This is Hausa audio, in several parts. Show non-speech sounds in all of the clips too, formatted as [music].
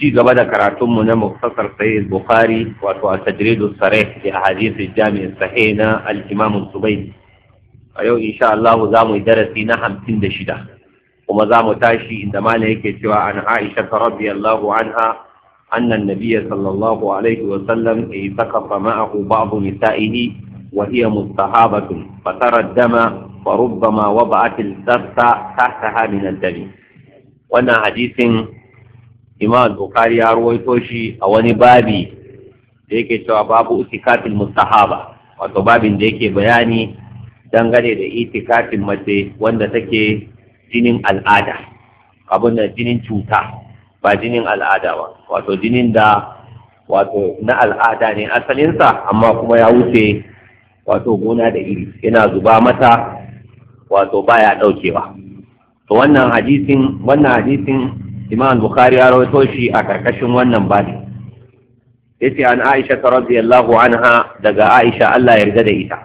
ci gaba da karatunmu na mufasar sahih bukhari wato a tajridu sarih fi ahadith jami sahih na al-imam subayd a yau insha Allah za mu yi darasi na hamsin da shida kuma za mu tashi inda mana yake cewa an Aisha radiyallahu anha anna an-nabiy sallallahu alaihi wa sallam itaqafa ma'ahu ba'd nisa'ihi wa hiya mustahabatun fatara ad-dama wa rubbama wada'at al-sassa tahtaha min ad-dam wannan hadisin imam al ya rawaito shi a wani babi da yake cewa babu itikafin mustahaba wato babin da yake bayani dangane da itikafin mace wanda take jinin al'ada abin da jinin cuta ba jinin al'ada ba wato jinin da wato na al'ada ne asalinsa amma kuma ya wuce wato gona da iri yana zuba mata wato baya daukewa to wannan hadisin wannan hadisin imam bukhari ya rawaito shi a karkashin wannan babi yace an aisha radiyallahu anha daga aisha Allah ya yarda da ita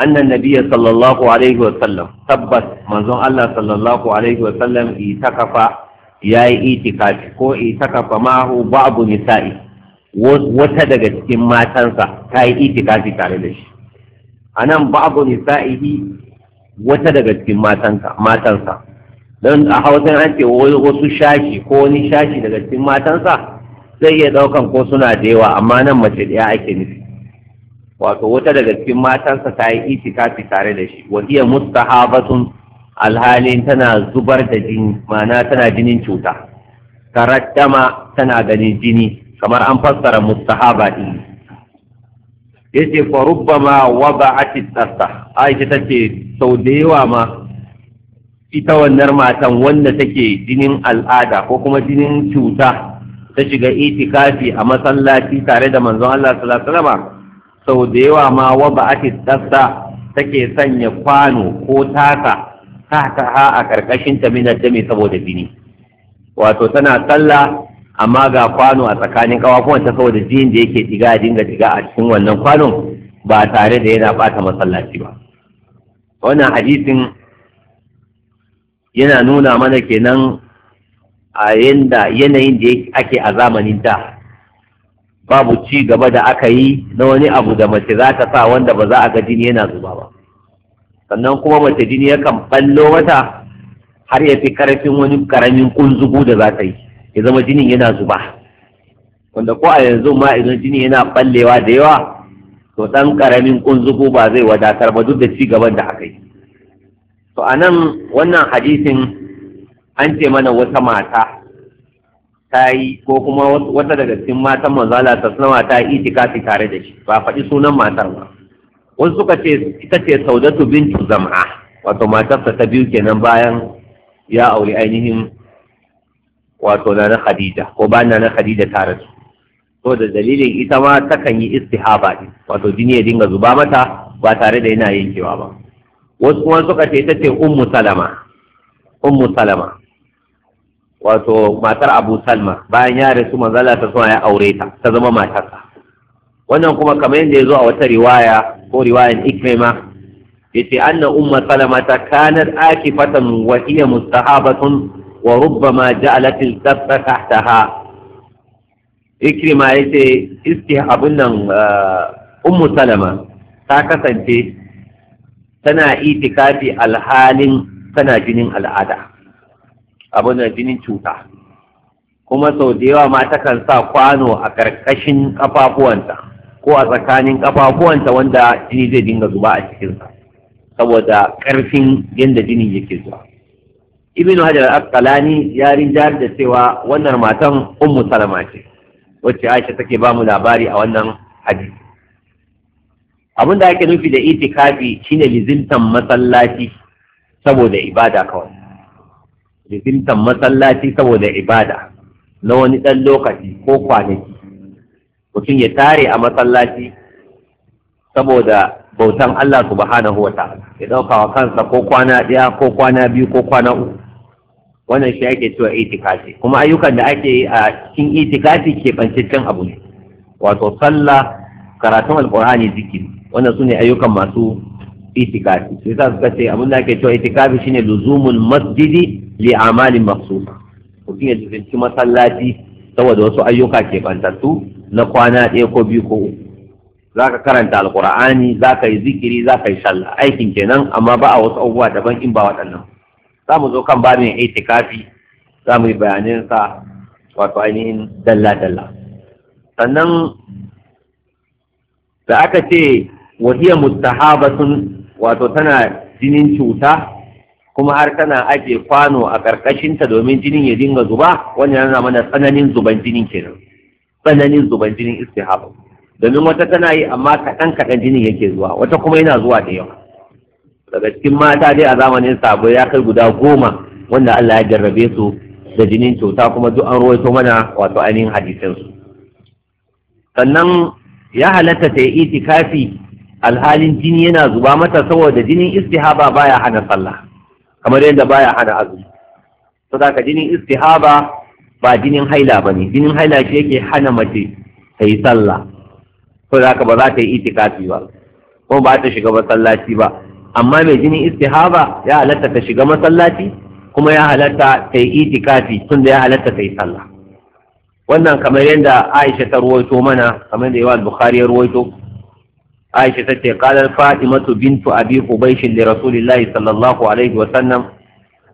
annan nabiyya sallallahu alaihi wa sallam tabbas manzon Allah sallallahu alaihi wa sallam itakafa yayi itikafi ko itakafa ma'ahu ba'du nisa'i wata daga cikin matansa ta yi itikafi tare da shi anan ba'du nisa'ihi wata daga cikin matansa don a hausan an ce wasu shashi ko wani shashi daga cikin matansa zai iya ɗaukan ko suna da yawa amma nan mace ɗaya ake nufi wato wata daga cikin matansa ta yi kafi tare da shi wa iya mustahabatun alhalin tana zubar da jini ma'ana tana jinin cuta Karatama tana ganin jini kamar an fassara mustahaba din yace fa rubbama wada'at at-tasta aisha ce sau da yawa ma ita wannan matan wanda take jinin al'ada ko kuma jinin cuta ta shiga itikafi a masallaci tare da manzon Allah sallallahu alaihi wasallam sau da yawa ma wa ba'ati tsasta take sanya kwano ko taka ta ha a karkashin ta min dami saboda jini wato tana sallah amma ga kwano a tsakanin kuma ta saboda jinin da yake diga dinga diga a cikin wannan kwanon ba tare da yana bata masallaci ba wannan hadisin yana nuna mana kenan a yanda yanayin da ake a zamanin da babu ci gaba da aka yi na wani abu da mace za ta sa wanda ba za a ga jini yana zuba ba sannan kuma mace jini yakan ballo mata har ya fi karfin wani karamin kunzugu da za ta yi ya zama jinin yana zuba wanda ko a yanzu ma idan jini yana ballewa da yawa to ɗan karamin kunzugu ba zai wadatar ba duk da ci gaban da aka yi to a nan wannan hadisin an ce mana wata mata ta yi ko kuma wata daga cikin matan manzala ta sanawa ta yi itikafi tare da shi ba faɗi sunan matar ba wasu suka ce ita ce saudatu bintu zam'a wato matarsa ta biyu kenan bayan ya auri ainihin wato na khadija ko ba na khadija tare su to da dalilin ita ma takan yi istihaba wato jini ya dinga zuba mata ba tare da yana yankewa ba wasu wani suka ce ita ce ummu salama ummu salama wato matar abu salma bayan ya rasu manzala ta suna ya aure ta ta zama matarsa wannan kuma kamar yadda ya zo a wata riwaya ko riwayan ikrima ce, anna umma salama ta kanar akifatan wa iya mustahabatun wa rubbama ja'alat al-sabta tahtaha ikrima yace iske abin nan uh, ummu salama ta kasance tana itikafi alhalin tana jinin al'ada abin da jinin cuta kuma sau da yawa ma takan sa kwano a ƙarƙashin ƙafafuwanta ko a tsakanin ƙafafuwanta wanda jini zai dinga zuba a cikinsa saboda ƙarfin yadda jinin yake zuwa ibn hajar al-asqalani ya rinjar da cewa wannan matan ummu salama ce wacce aisha take bamu labari a wannan hadisi abin da ake nufi da itikafi shine lizimtan masallaci saboda ibada kawai lizimtan masallaci saboda ibada na wani ɗan lokaci ko kwanaki mutum ya tare a masallaci saboda bautan Allah subhanahu wa ta'ala ya ɗauka wa kansa ko kwana ɗaya ko kwana biyu ko kwana uku wannan shi ake cewa itikafi kuma ayyukan da ake yi a cikin itikafi ke bancin abu ne wato sallah karatun alkur'ani zikiri wannan su ne ayyukan masu itikafi sai za suka ce abin da ake cewa itikafi shine luzumul masjidi li amalin ko mutum ya cikin masallaci saboda wasu ayyuka ke bantattu na kwana ɗaya ko biyu ko Za ka karanta alqur'ani ka yi zikiri za ka yi sallah aikin kenan amma ba a wasu abubuwa daban in ba waɗannan za mu zo kan babin itikafi za mu yi bayanin sa wato ainihin dalla dalla sannan da aka ce wa hiya mustahabatun wato tana jinin cuta kuma har tana ake kwano a ƙarƙashinta domin jinin ya dinga zuba wannan yana mana tsananin zuban jinin kenan tsananin zuban jinin istihaba domin wata tana yi amma kaɗan kaɗan jinin yake zuwa wata kuma yana zuwa da yawa daga cikin mata dai a zamanin sabo ya kai guda goma wanda Allah ya jarrabe su da jinin cuta kuma duk an rawaito mana wato ainihin hadisansu sannan ya halatta ta yi itikafi alhalin jini yana zuba mata saboda jinin istihaba baya hana sallah kamar yadda baya hana azumi to da jinin istihaba ba jinin haila bane jinin haila shi yake hana mace ta yi sallah to da ba za ta yi itikafi ba ko ba ta shiga masallaci ba amma mai jinin istihaba ya halatta ta shiga masallaci kuma ya halatta ta yi itikafi tunda ya halatta ta yi sallah wannan kamar yadda Aisha ta ruwaito mana kamar da yawa Bukhari ya ruwaito aisha tace qalat fatimatu bintu abi hubaysh li rasulillahi sallallahu alaihi wa sallam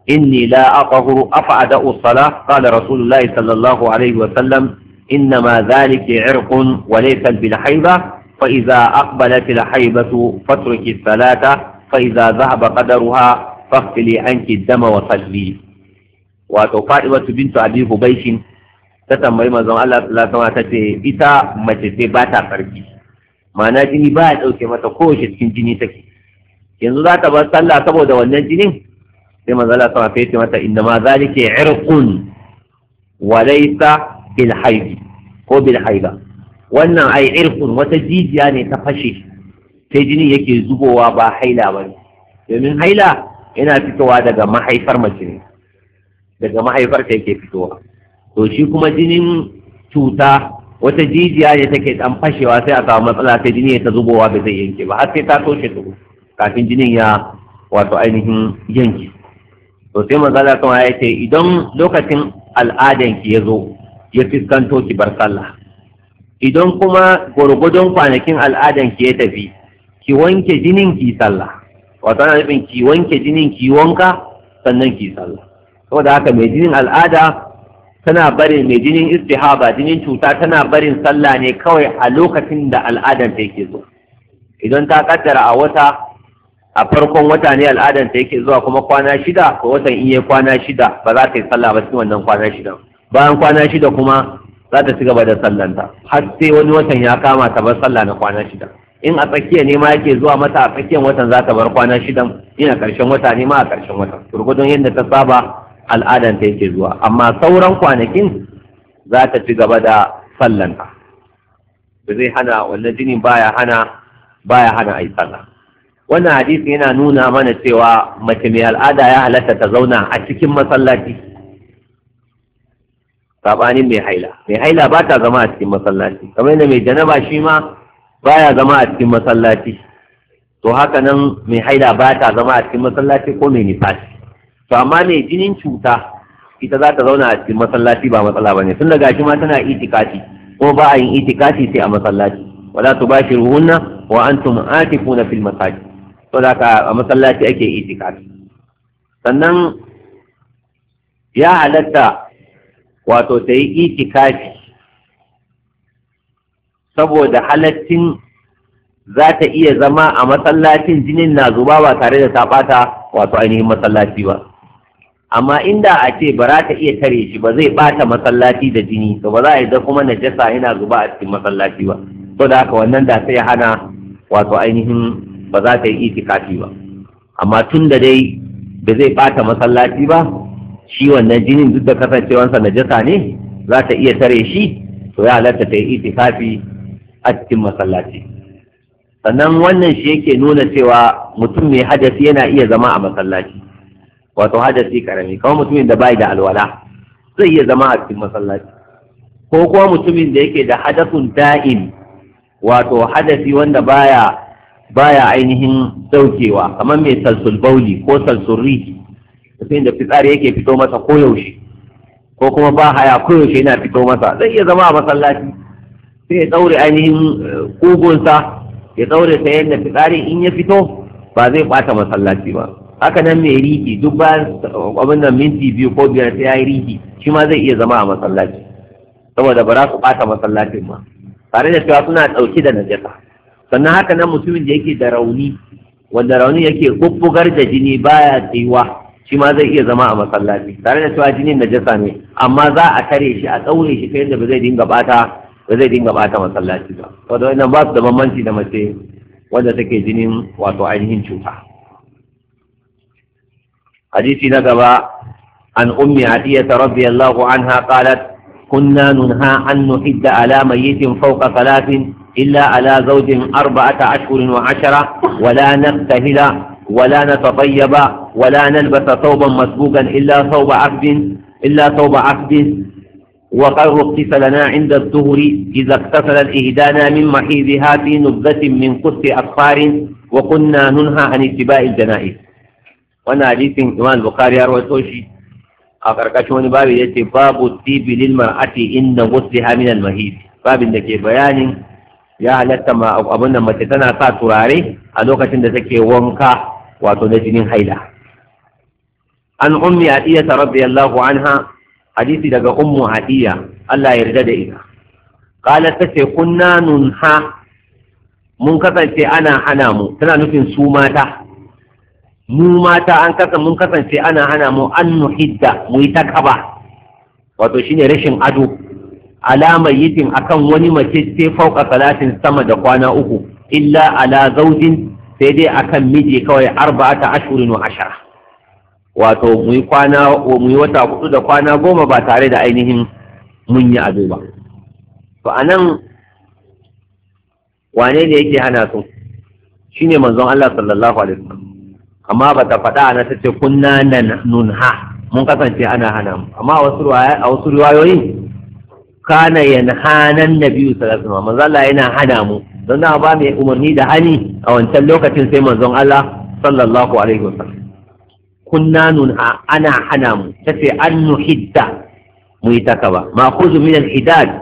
inni la aqhuru afa ada'u salah qala rasulullahi sallallahu alaihi wa sallam إنما ذلك عرق وليس بالحيضة فإذا أقبلت الحيضة فاترك الصلاة فإذا ذهب قدرها فاغسلي عنك الدم وصلي وتفاطمة بنت أبي هبيش تتم ما زمان الله صلى الله عليه وسلم إذا فرجي ma'ana jini ba ya ɗauke mata kowace cikin jini take yanzu za ta bar sallah saboda wannan jinin sai manzala sama fete mata inda ma zalike irqun wa laysa bil ko bil haida wannan ai irqun wata jijiya ne ta fashe sai jini yake zubowa ba haila ba ne domin haila yana fitowa daga mahaifar mace ne daga mahaifar ta yake fitowa to shi kuma jinin cuta wata jijiya ne take dan fashewa sai a samu matsala sai jini ta zubowa bai zai yanke ba har sai ta toshe tuku kafin jinin ya wato ainihin yanke to sai manzala kuma ya ce idan lokacin al'adan ki ya zo ya fiskanto ki bar sallah idan kuma gwargwadon kwanakin al'adan ki ya tafi ki wanke jinin ki sallah wato ana nufin ki wanke jinin ki wanka sannan ki sallah saboda haka mai jinin al'ada tana barin mai jinin istihaba jinin cuta tana barin sallah ne kawai a lokacin da al'adan ta yake zuwa idan ta kaddara a wata a farkon wata ne al'adan ta yake zuwa kuma kwana shida ko watan iya kwana shida ba za ta yi sallah ba cikin wannan kwana shida bayan kwana shida kuma za ta ci gaba da sallanta har sai wani watan ya kama ta bar sallah na kwana shida in a tsakiya ne ma yake zuwa mata a tsakiyar watan za ta bar kwana shidan in a ƙarshen wata ne ma a ƙarshen watan gurgudun yadda ta saba ta yake zuwa amma sauran kwanakin za ta ci gaba da sallanta ba zai hana wannan jini baya hana baya hana ai sallah wannan hadisi yana nuna mana cewa mace mai al'ada ya halatta ta zauna a cikin masallaci sabanin mai haila mai haila ba ta zama a cikin masallaci kamar yadda mai janaba shi ma baya zama a cikin masallaci to haka nan mai haila ba ta zama a cikin masallaci ko mai nifasi to amma mai jinin cuta ita za ta zauna a cikin masallaci ba matsala bane tun daga shi ma tana itikati ko ba a yin itikati sai a masallaci wala tubashiruhunna wa antum atifuna fil masaji to da a masallaci ake itikati sannan ya halatta wato ta yi itikafi saboda halaccin za ta iya zama a masallacin jinin na zuba ba tare da ta ɓata wato ainihin masallaci ba amma inda a ce ba za ta iya tare shi ba zai bata masallaci da jini to ba za a yi da kuma najasa yana zuba a cikin masallaci ba to da haka wannan da sai hana wato ainihin ba za ta yi itikafi ba amma tun da dai ba zai bata masallaci ba shi wannan jinin duk da kasancewansa najasa ne za ta iya tare shi to ya halatta ta yi itikafi a cikin masallaci sannan wannan shi yake nuna cewa mutum mai hadasi yana iya zama a masallaci wato hadasi karami kamar mutumin da bai da alwala zai iya zama a cikin masallaci ko kuma mutumin da yake da hadasun da'in wato hadasi wanda baya baya ainihin daukewa kamar mai salsul bauli ko salsul riki mutumin da fitsari yake fito masa koyaushe ko kuma ba haya koyaushe yana fito masa zai iya zama a masallaci sai ya daure ainihin eh, kugunsa ya daure ta yadda fitsari in ya fito ba zai bata masallaci ba haka nan mai riki duk bayan abin nan minti biyu ko biyar sai ya yi riki shi ma zai iya zama a masallaci saboda ba za su ɓata masallacin ma tare da cewa suna ɗauki da najasa sannan haka nan mutumin da yake da rauni wanda rauni yake bubbugar da jini baya tsayuwa shi ma zai iya zama a masallaci tare da cewa jinin najasa ne amma za a tare shi a tsaure shi ta yadda ba zai dinga ɓata ba zai dinga ɓata masallaci ba saboda wannan ba su da bambanci da mace wanda take jinin wato ainihin cuta حديث نقبا عن أم عدية رضي الله عنها قالت كنا ننهى أن نحد على ميت فوق ثلاث إلا على زوج أربعة أشهر وعشرة ولا نقتهل ولا نتطيب ولا نلبس ثوبا مسبوقا إلا ثوب عقد إلا ثوب عقد وقر اغتسلنا عند الظهر إذا اغتسل الإهدانا من محيضها في نبذة من قص أكفار وكنا ننهى عن اتباع الجنائز wani hadisin imam bukari ya rawaito shi a karkashin wani babu ya ce babu tibi lil mar'ati inda ghusliha min al mahid babin da ke bayanin ya halatta ma abin da mace tana sa turare a lokacin da take wanka wato na jinin haila an ummi atiyata radiyallahu anha hadisi daga ummu atiya Allah ya yarda da ita qalat tace kunna nunha mun kasance ana hana mu tana nufin su mata mu mata an kasa mun kasance ana hana mu an nuhidda mu yi ta kaba wato shine rashin ado alamar yitin akan wani mace ce fauka salatin sama da kwana uku illa ala zaujin sai dai akan miji kawai arba'ata ashurin wa ashara wato mu yi kwana mu yi wata hudu da kwana goma ba tare da ainihin mun yi ado ba to anan wane ne yake hana su shine manzon Allah sallallahu alaihi wasallam amma ba ta faɗa ana ta ce kunna nan nunha mun kasance ana hana mu amma a wasu riwayoyin kana yanhanan nabiyyu sallallahu alaihi wasallam manzo Allah yana hana mu don na ba mai umarni da hani a wancan lokacin sai manzon Allah sallallahu alaihi wasallam kunna nunha ana hana mu tace an nuhidda mu yi taka ba ma khuzu min al-hidad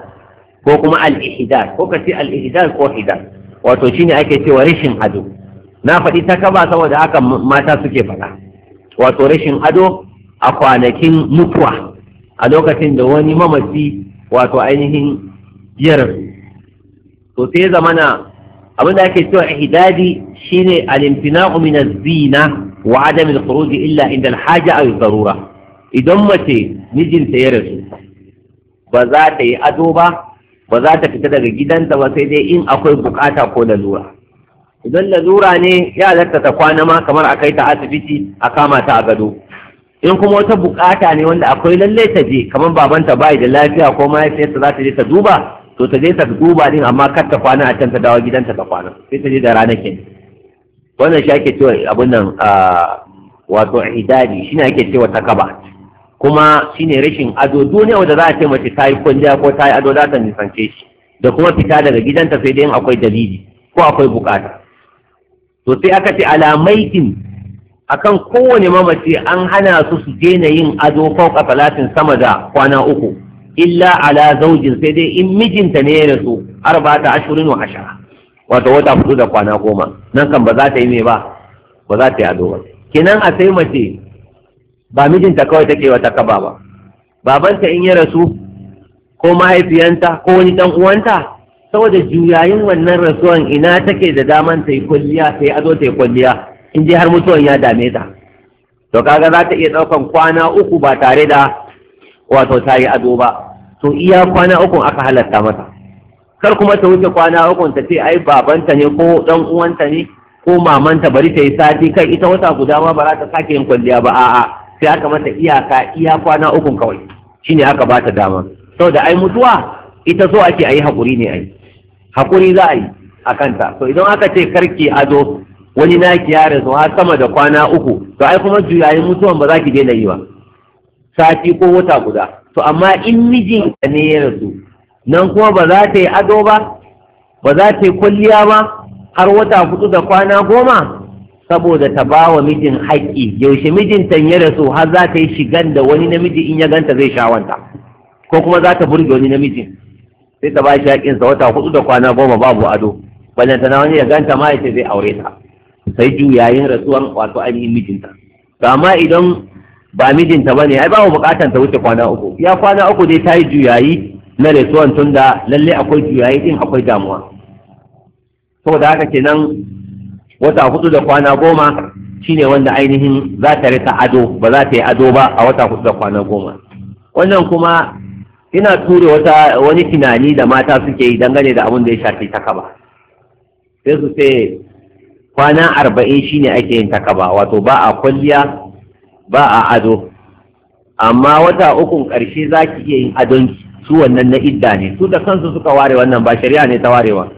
ko kuma al-ihdad ko kace al-ihdad ko hidad wato shine ake cewa rishin ado na faɗi ta kaba saboda haka mata suke faɗa wato rashin ado a kwanakin mutuwa a lokacin da wani mamaci wato ainihin yar to sai zamana abin da ake cewa ihdadi shine al-imtina'u min az-zina wa adam al-khuruj illa inda al-haja aw darura idan mace mijinta ya rasu ba za ta yi ado ba ba za ta fita daga gidanta ba sai dai in akwai bukata ko lalura idan lalura ne ya zarta ta kwana ma kamar a kai ta asibiti a kama ta a gado in kuma wata bukata ne wanda akwai lalle ta je kamar babanta bai da lafiya ko mahaifiyarta za ta je ta duba to ta je ta duba din amma kar ta kwana a can ta dawo gidanta ta kwana sai ta je da rana ke. wannan shi ake cewa abun nan wato idadi shi ne ake cewa takaba kuma shi ne rashin ado duniya wanda za a ce mace ta yi kwanja ko ta yi ado za ta nisance shi da kuma fita daga gidanta sai dai akwai dalili ko akwai bukata to sai aka ce alamaitin akan kowane mamaci an hana su su daina yin ado fauka salatin sama da kwana uku illa ala zaujin sai dai in mijinta ne ya rasu arba'ata ashirin wa ashara wato wata hudu da kwana goma nan kan ba za ta yi me ba ba za ta yi ado ba kenan a sai mace ba mijinta kawai take wata kaba ba babanta in ya rasu ko mahaifiyanta ko wani dan uwanta saboda juyayin wannan rasuwan ina take da daman ta yi kwalliya sai a zo ta yi kwalliya in je har mutuwan ya dame ta to kaga za ta iya ɗaukan kwana uku ba tare da wato ta yi ado ba to iya kwana uku aka halatta mata kar kuma ta wuce kwana uku ta ce ai babanta ne ko dan uwanta ne ko mamanta bari ta yi sati kai ita wata guda ma ba za ta sake yin kwalliya ba a'a sai aka mata iyaka iya kwana uku kawai shine aka ba ta dama saboda ai mutuwa ita so ake a yi haƙuri ne a yi haƙuri za a yi a kanta to idan aka ce karki ado wani na ya rasu zuwa sama da kwana uku to ai kuma juyayin mutuwan ba za ki daina yi ba sati ko wata guda to amma in mijinka ne ya rasu nan kuma ba za ta yi ado ba ba za ta yi kwalliya ba har wata hudu da kwana goma saboda ta ba wa mijin haƙƙi yaushe mijin mijinta ya rasu har za ta yi shigan da wani namiji in ya ganta zai wanta ko kuma za ta burge wani namijin sai ta bashi shi sa wata hudu da kwana goma babu ado wannan tana wani ya ganta ma yace zai aure ta sai juyayin rasuwan wato ainihin mijinta to amma idan ba mijinta ba ne. ai babu bukatan ta wuce kwana uku ya kwana uku dai ta yi juyayi na rasuwan tunda lalle akwai juyayi din akwai damuwa saboda haka kenan wata hudu da kwana goma shine wanda ainihin za ta rika ado ba za ta yi ado ba a wata hudu da kwana goma wannan kuma ina ture wata wani tunani da mata suke yi dangane da abin da ya shafi takaba sai su ce kwana arba'in shine ake yin takaba wato ba a kwalliya ba a ado amma wata ukun ƙarshe za ki iya yin adon su wannan na idda ne su da kansu suka ware wannan ba shari'a ne ta warewa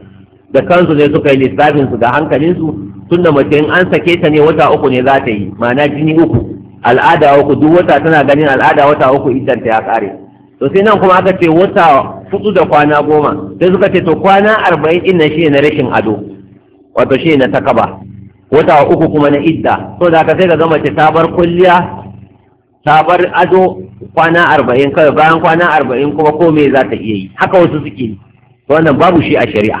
da kansu ne suka yi lissafin su da hankalinsu tun da mace in an sake ta ne wata uku ne za ta yi ma'ana jini uku al'ada uku duk wata tana ganin al'ada wata uku iddanta ya kare to sai nan kuma aka ce wata hudu da kwana goma sai suka ce to kwana arba'in din nan shi na rashin ado wato shi na takaba wata uku kuma na idda to da ka sai ka gama ce ta bar kulliya ta bar ado kwana arba'in kawai bayan kwana arba'in kuma ko me za ta iya yi haka wasu suke wannan babu shi a shari'a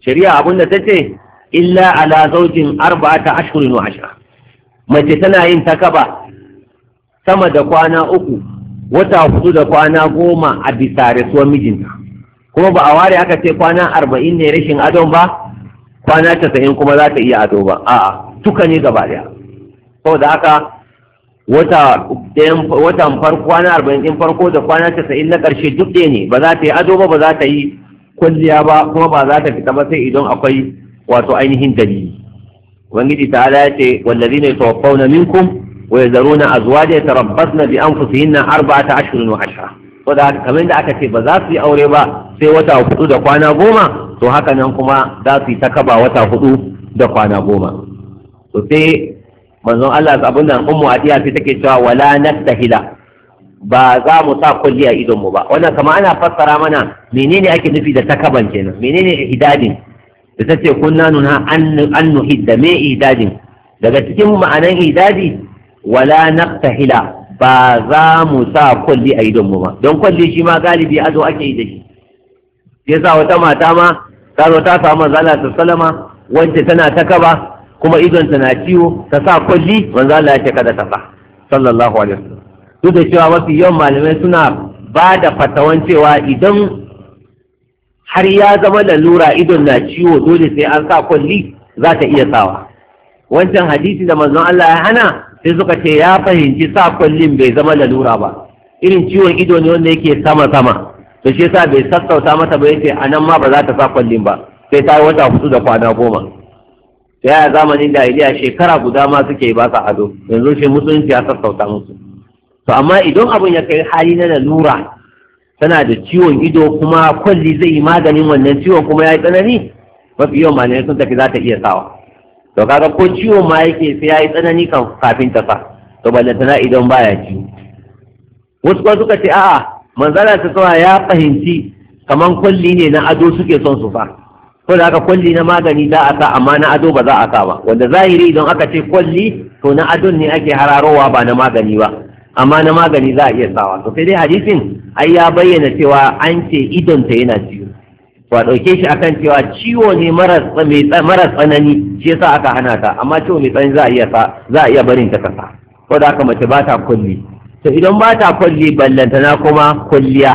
shari'a abinda ta ce illa ala zaujin arba'ata ashhurin wa ashra mace tana yin takaba sama da kwana uku wata hudu da kwana goma a bisa rasuwar mijinta kuma ba a ware aka ce kwana arba'in ne rashin adon ba kwana casa'in kuma za ta iya ado ba a'a tuka ne gaba daya saboda haka wata kwana arba'in din farko da kwana casa'in na ƙarshe duk ɗaya ne ba za ta yi ado ba ba za ta yi kwalliya ba kuma ba za ta fita ba sai idan akwai wato ainihin dalili ubangiji ta'ala ya ce wallazina yatawaffawna minkum ويذرون أزواجا يتربصن بأنفسهن أربعة أشهر وعشرة saboda kamar da aka ce ba za su yi aure ba sai wata hudu da kwana goma to haka nan kuma za su yi ta kaba wata hudu da kwana goma to sai manzon Allah abin nan ummu adiya sai take cewa wala nastahila ba za mu sa kulli a idon mu ba wannan kama ana fassara mana menene ake nufi da takaban kenan menene ihdadin da tace kunna nuna an nuhidda me ihdadin daga cikin ma'anan ihdadi wala naqtahila ba za mu sa kwalli a idon mu ba don kwalli shi ma galibi azo ake yi da shi Ya sa wata mata ma ta zo ta samu manzala ta salama wacce tana ta kaba kuma idonta na ciwo ta sa kwalli manzala ya ce kada ta sa sallallahu alaihi wasallam duk da cewa mafi yawan malamai suna ba da fatawan cewa idan har ya zama lalura idon na ciwo dole sai an sa kwalli za ta iya sawa wancan hadisi da manzon Allah ya hana sai suka ce ya fahimci sa kullin bai zama lalura ba irin ciwon ido ne wanda yake sama sama to shi yasa bai sassauta mata ba yace anan ma ba za ta sa kullin ba sai ta wata hudu da kwana goma sai a zamanin iliya shekara guda ma suke ba sa ado yanzu shi musulunci ya sassauta musu to amma idan abun ya kai hali na lalura tana da ciwon ido kuma kwalli zai yi maganin wannan ciwon kuma ya yi tsanani mafi yawan ne sun tafi za ta iya sawa to kaga ko ciwo ma yake sai yayi tsanani kafin ta fa to ballantana idan baya ci. wasu kuma suka ce a'a manzala ta sawa ya fahimci kamar kwalli ne na ado suke son su fa ko da aka kwalli na magani za a sa amma na ado ba za a sa ba wanda zahiri idan aka ce kwalli to na adon ne ake hararowa ba na magani ba amma na magani za a iya sawa to sai dai hadisin ai ya bayyana cewa an ce idon ta yana ciwo wa ɗauke shi akan cewa ciwo ne mara tsanani shi yasa aka hana ta amma ciwo mai tsanani za a iya za a iya barin ta kasa ko da aka mace ba ta kulli to idan ba ta kulli ballantana kuma kulliya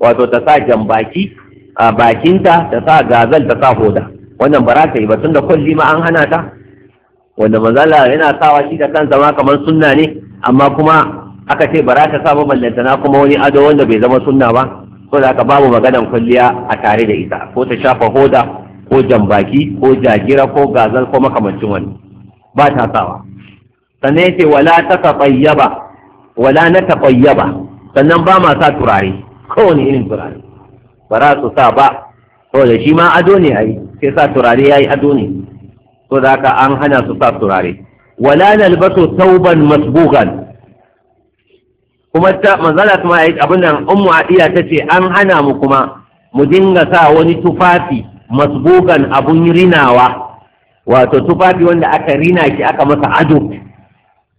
wato ta sa baki a bakinta ta sa gazal ta sa hoda wannan ba za ta yi ba tunda kulli ma an hana ta wanda manzala yana sawa shi da kansa ma kamar sunna ne amma kuma aka ce ba za ta sa ba ballantana kuma wani ado wanda bai zama sunna ba ko da ka babu maganan kulliya a tare da ita ko ta shafa hoda ko jambaki ko jagira ko gazal ko makamancin wani ba ta sawa sannan yake wala ta tsayyaba wala na tsayyaba sannan ba ma sa turare kowane irin turare ba za su sa ba da shi ma ado ne ai sai sa turare yayi ado ne to da haka an hana su sa turare wala nalbasu tauban masbugan kuma ta manzala kuma yayi abin nan ummu adiya tace an hana mu kuma mu dinga sa wani tufafi masbugan abun rinawa wato tufafi wanda aka rina shi aka masa ado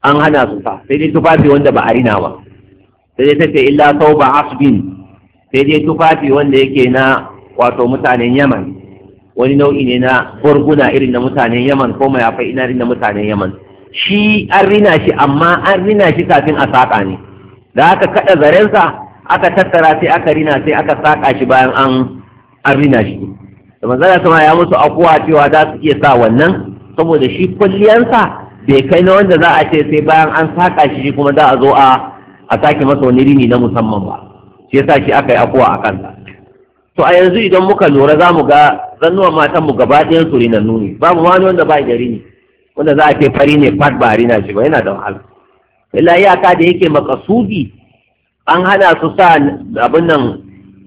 an hana su fa sai dai tufafi wanda ba a rina ba sai dai tace illa tauba asbin sai dai tufafi wanda yake na wato mutanen Yaman wani nau'i ne na gurguna irin na mutanen Yaman ko mayafai ina irin na mutanen Yaman shi an rina shi amma an rina shi kafin a saƙa ne da aka kada zarensa aka tattara sai aka rina sai aka saka shi bayan an an rina shi da manzala sama ya musu akuwa cewa za su iya sa wannan saboda shi kulliyansa bai kai na wanda za a ce sai bayan an saka shi kuma za a zo a a sake masa wani rini na musamman ba shi yasa shi aka yi akuwa a kansa to a yanzu idan muka lura za mu ga zannuwan matan mu gaba ɗayan su rinan ne babu wani wanda ba da rini wanda za a ce fari ne fat ba a rina shi ba yana da wahala illa iyaka da yake makasudi an hana su sa abin nan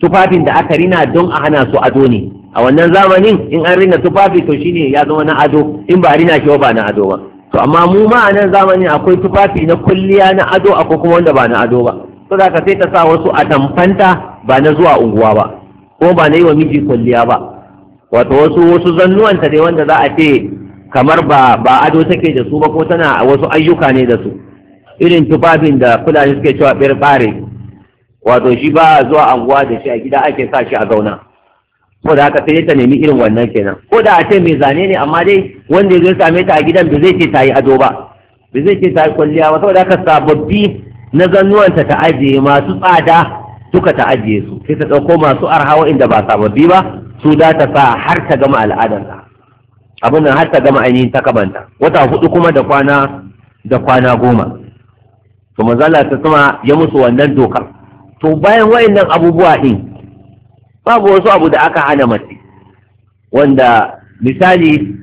tufafin da aka rina don a hana su ado ne a wannan zamanin in an rina tufafi to shine ya zama na ado in ba rina shi ba na ado ba to amma mu ma a nan zamanin akwai tufafi na kulliya na ado akwai kuma wanda ba na ado ba to za ka sai ta sa wasu a tamfanta ba na zuwa unguwa ba ko ba na yi wa miji kulliya ba wato wasu wasu zannuwanta dai wanda za a ce kamar ba ba ado take da su ba ko tana wasu ayyuka ne da su irin tufafin da fulani suke cewa ɓirɓare wato shi ba zuwa anguwa da shi a gida ake sa shi a zauna. ko da haka sai ta nemi irin wannan kenan ko da a ce mai zane ne amma dai wanda zai same ta a gidan ba zai ce ta yi ado ba ba zai ce ta yi kwalliya ba saboda haka sababbi na zannuwanta ta ajiye masu tsada duka ta ajiye su sai ta ɗauko masu arha wainda ba sababbi ba su da ta sa har ta gama al'adarta abin nan har ta gama ainihin kamanta wata hudu kuma da kwana da kwana goma to Allah ta sama ya musu wannan dokar to bayan wayannan abubuwa din babu wasu abu da aka hana mace wanda misali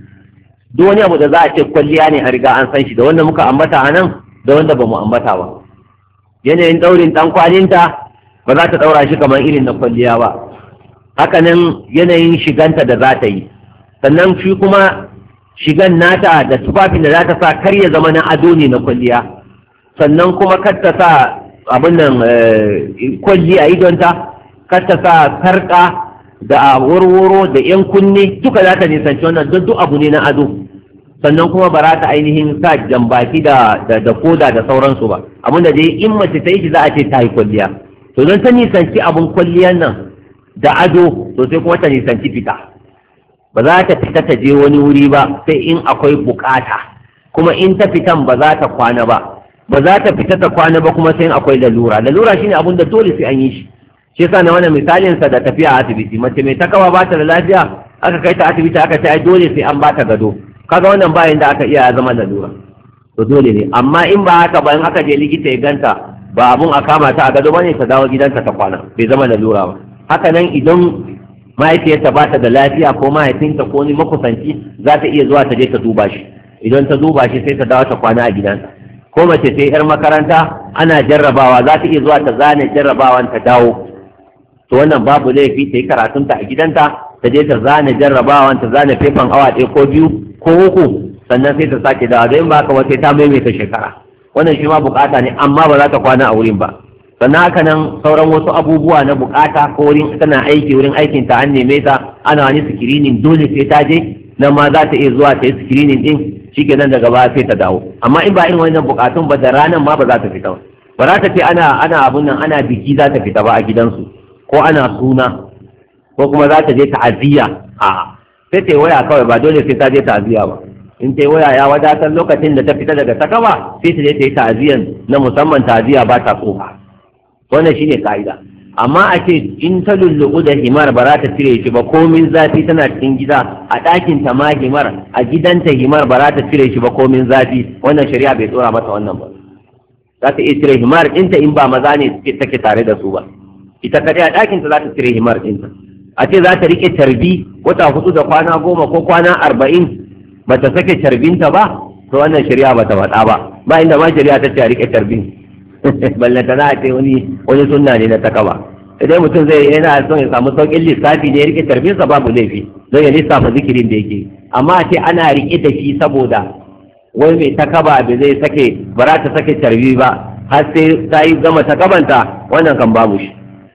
duk wani abu da za a ce kwalliya ne a riga an san shi da wanda muka ambata a nan da wanda ba mu ambata ba yanayin daurin dan kwalinta ba za ta daura shi kamar irin na kwalliya ba hakanan yanayin shiganta da za ta yi sannan shi kuma shigan nata da tufafin da za ta sa kar ya zama na ado ne na kwalliya sannan kuma kar ta sa abin nan eh, kwalli a idonta kar sa sarƙa da a warwaro da yan kunne duka za ta nisanci wannan don duk abu ne na ado sannan kuma ba za ta ainihin sa jambaki da da koda da sauransu ba abin da dai in mace ta yi shi za a ce ta yi kwalliya to don ta nisanci abin kwalliyan nan da ado sosai kuma ta nisanci fita ba za ta fita ta je wani wuri ba sai in akwai bukata kuma in ta fitan ba za ta kwana ba ba za ta fita ta kwana ba kuma sai akwai lalura lalura shine abun da dole sai an yi shi shi yasa na wannan misalin sa da tafiya a asibiti mace mai takawa ba ta da lafiya aka kai ta asibiti aka ce ai dole sai an bata gado kaga wannan bayan da aka iya ya zama lalura to dole ne amma in ba haka ba in aka je likita ya ganta ba abun a kama ta a gado bane ta dawo gidanta ta kwana bai zama lalura ba haka nan idan mahaifiyarta ba ta da lafiya ko mahaifinta ko ni makusanci za ta iya zuwa ta je ta duba shi idan ta duba shi sai ta dawo ta kwana a gidanta. ko mace ce yar makaranta ana jarrabawa za ta iya zuwa ta zane jarrabawan ta dawo to wannan babu laifi ta yi karatunta a gidanta ta je ta zane jarrabawan ta zane fefan awa ɗaya ko biyu ko uku sannan sai ta sake dawa zai ba kamar sai ta maimaita shekara wannan shi ma bukata ne amma ba za ta kwana a wurin ba sannan haka nan sauran wasu abubuwa na bukata ko wurin tana aiki wurin aikin ta an neme ta ana wani sikirinin dole sai ta je nan ma za ta iya zuwa ta yi sikirinin ɗin. shi nan daga ba sai ta dawo amma in ba irin wannan bukatun ba da ranar ma ba za ta fita ba za ta ce ana ana abun nan ana biki za ta fita ba a gidansu ko ana suna ko kuma za ta je aziya a sai ta waya kawai ba dole sai ta je ta'aziya ba in ta waya ya wadatar lokacin da ta fita daga sakawa sai ta je ta yi ta'aziyyan na musamman ta'aziyya ba ta tsoka wannan shine ka'ida amma a ce in ta lulluɓu da himar ba za ta cire shi ba komin zafi tana cikin gida a ɗakin ta ma himar a gidanta himar ba za ta cire shi ba komin zafi wannan shari'a bai tsora mata wannan ba za ta iya cire himar ɗinta in ba maza ne suke take tare da su ba ita kaɗai a ɗakin ta za ta cire himar ɗinta a ce za ta riƙe tarbi wata hudu da kwana goma ko kwana arba'in ba ta sake tarbinta ba to wannan shari'a ba ta faɗa ba ba inda ma shari'a ta ce a riƙe tarbin [laughs] ballanta za a ce wani wani sunna ne na takawa idan mutum zai yana son ya samu saukin lissafi ne ya rike sa babu laifi don ya lissafa zikirin da yake amma a ce ana rike da shi saboda wai mai takaba ba zai sake ba za ta sake tarbi ba har sai ta yi gama takabanta wannan kan babu shi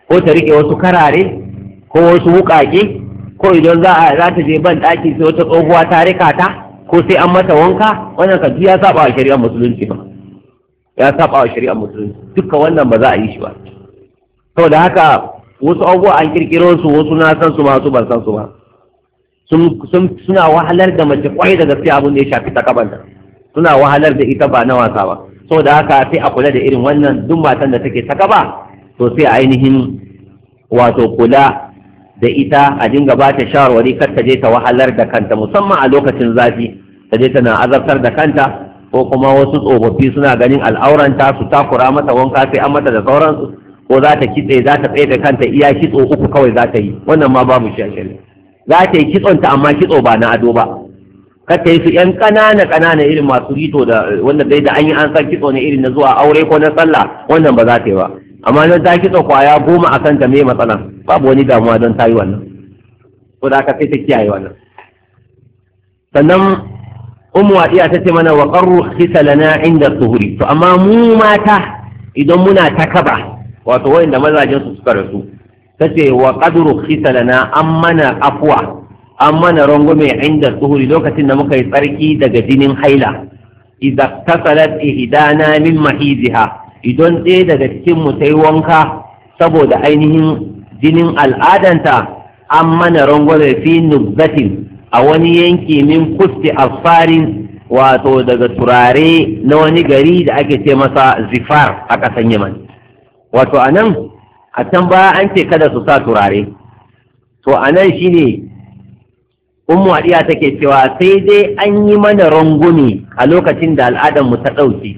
ko ta rike wasu karare ko wasu wuƙaƙe ko idan za a za ta je ban ɗaki sai wata tsohuwa ta rika ta ko sai an mata wanka wannan kan ya saba a shari'ar musulunci ba ya saba wa shari'ar musulunci duka wannan ba za a yi shi ba da haka wasu abubuwa an kirkiro su wasu na san su ma su ban san su ba suna wahalar da mace kwai da gaskiya abin da ya shafi takabanta suna wahalar da ita ba na wasa ba da haka sai a kula da irin wannan duk matan da take takaba to sai ainihin wato kula da ita a dinga ba ta shawarwari kar ta je ta wahalar da kanta musamman a lokacin zafi ta je tana azabtar da kanta ko kuma wasu tsofaffi suna ganin al'auranta su takura mata wanka sai an mata da sauransu ko za ta kitse za ta tsaye da kanta iya kitso uku kawai za ta yi wannan ma babu shi a za ta yi kitsonta amma kitso ba na ado ba ka ta yi su yan ƙanana ƙanana irin masu rito da wanda dai da an yi an san kitso ne irin na zuwa aure ko na sallah wannan ba za ta yi ba amma nan ta kitso kwaya goma a kanta me matsala babu wani damuwa don ta yi wannan ko da ka sai ta kiyaye wannan sannan ummu wadiya ce mana wa qarru khisalana inda suhuri to amma mu mata idan muna takaba wato wanda mazajensu su suka rasu tace wa afuwa, khisalana mana afwa ammana rangume inda suhuri lokacin da muka yi tsarki daga jinin haila idza tasalat ihdana min mahiziha idan ɗaya daga cikin mu ta yi wanka saboda ainihin jinin al'adanta an mana rangwame fi nubzatin a wani yanki min kusti asfarin wato daga turare na wani gari da ake ce masa zifar a ƙasan yaman wato a nan a can baya an ce kada su sa turare to a nan shi ne umuwaɗiya take cewa sai dai an yi mana rangumi a lokacin da al'adarmu ta ɗauki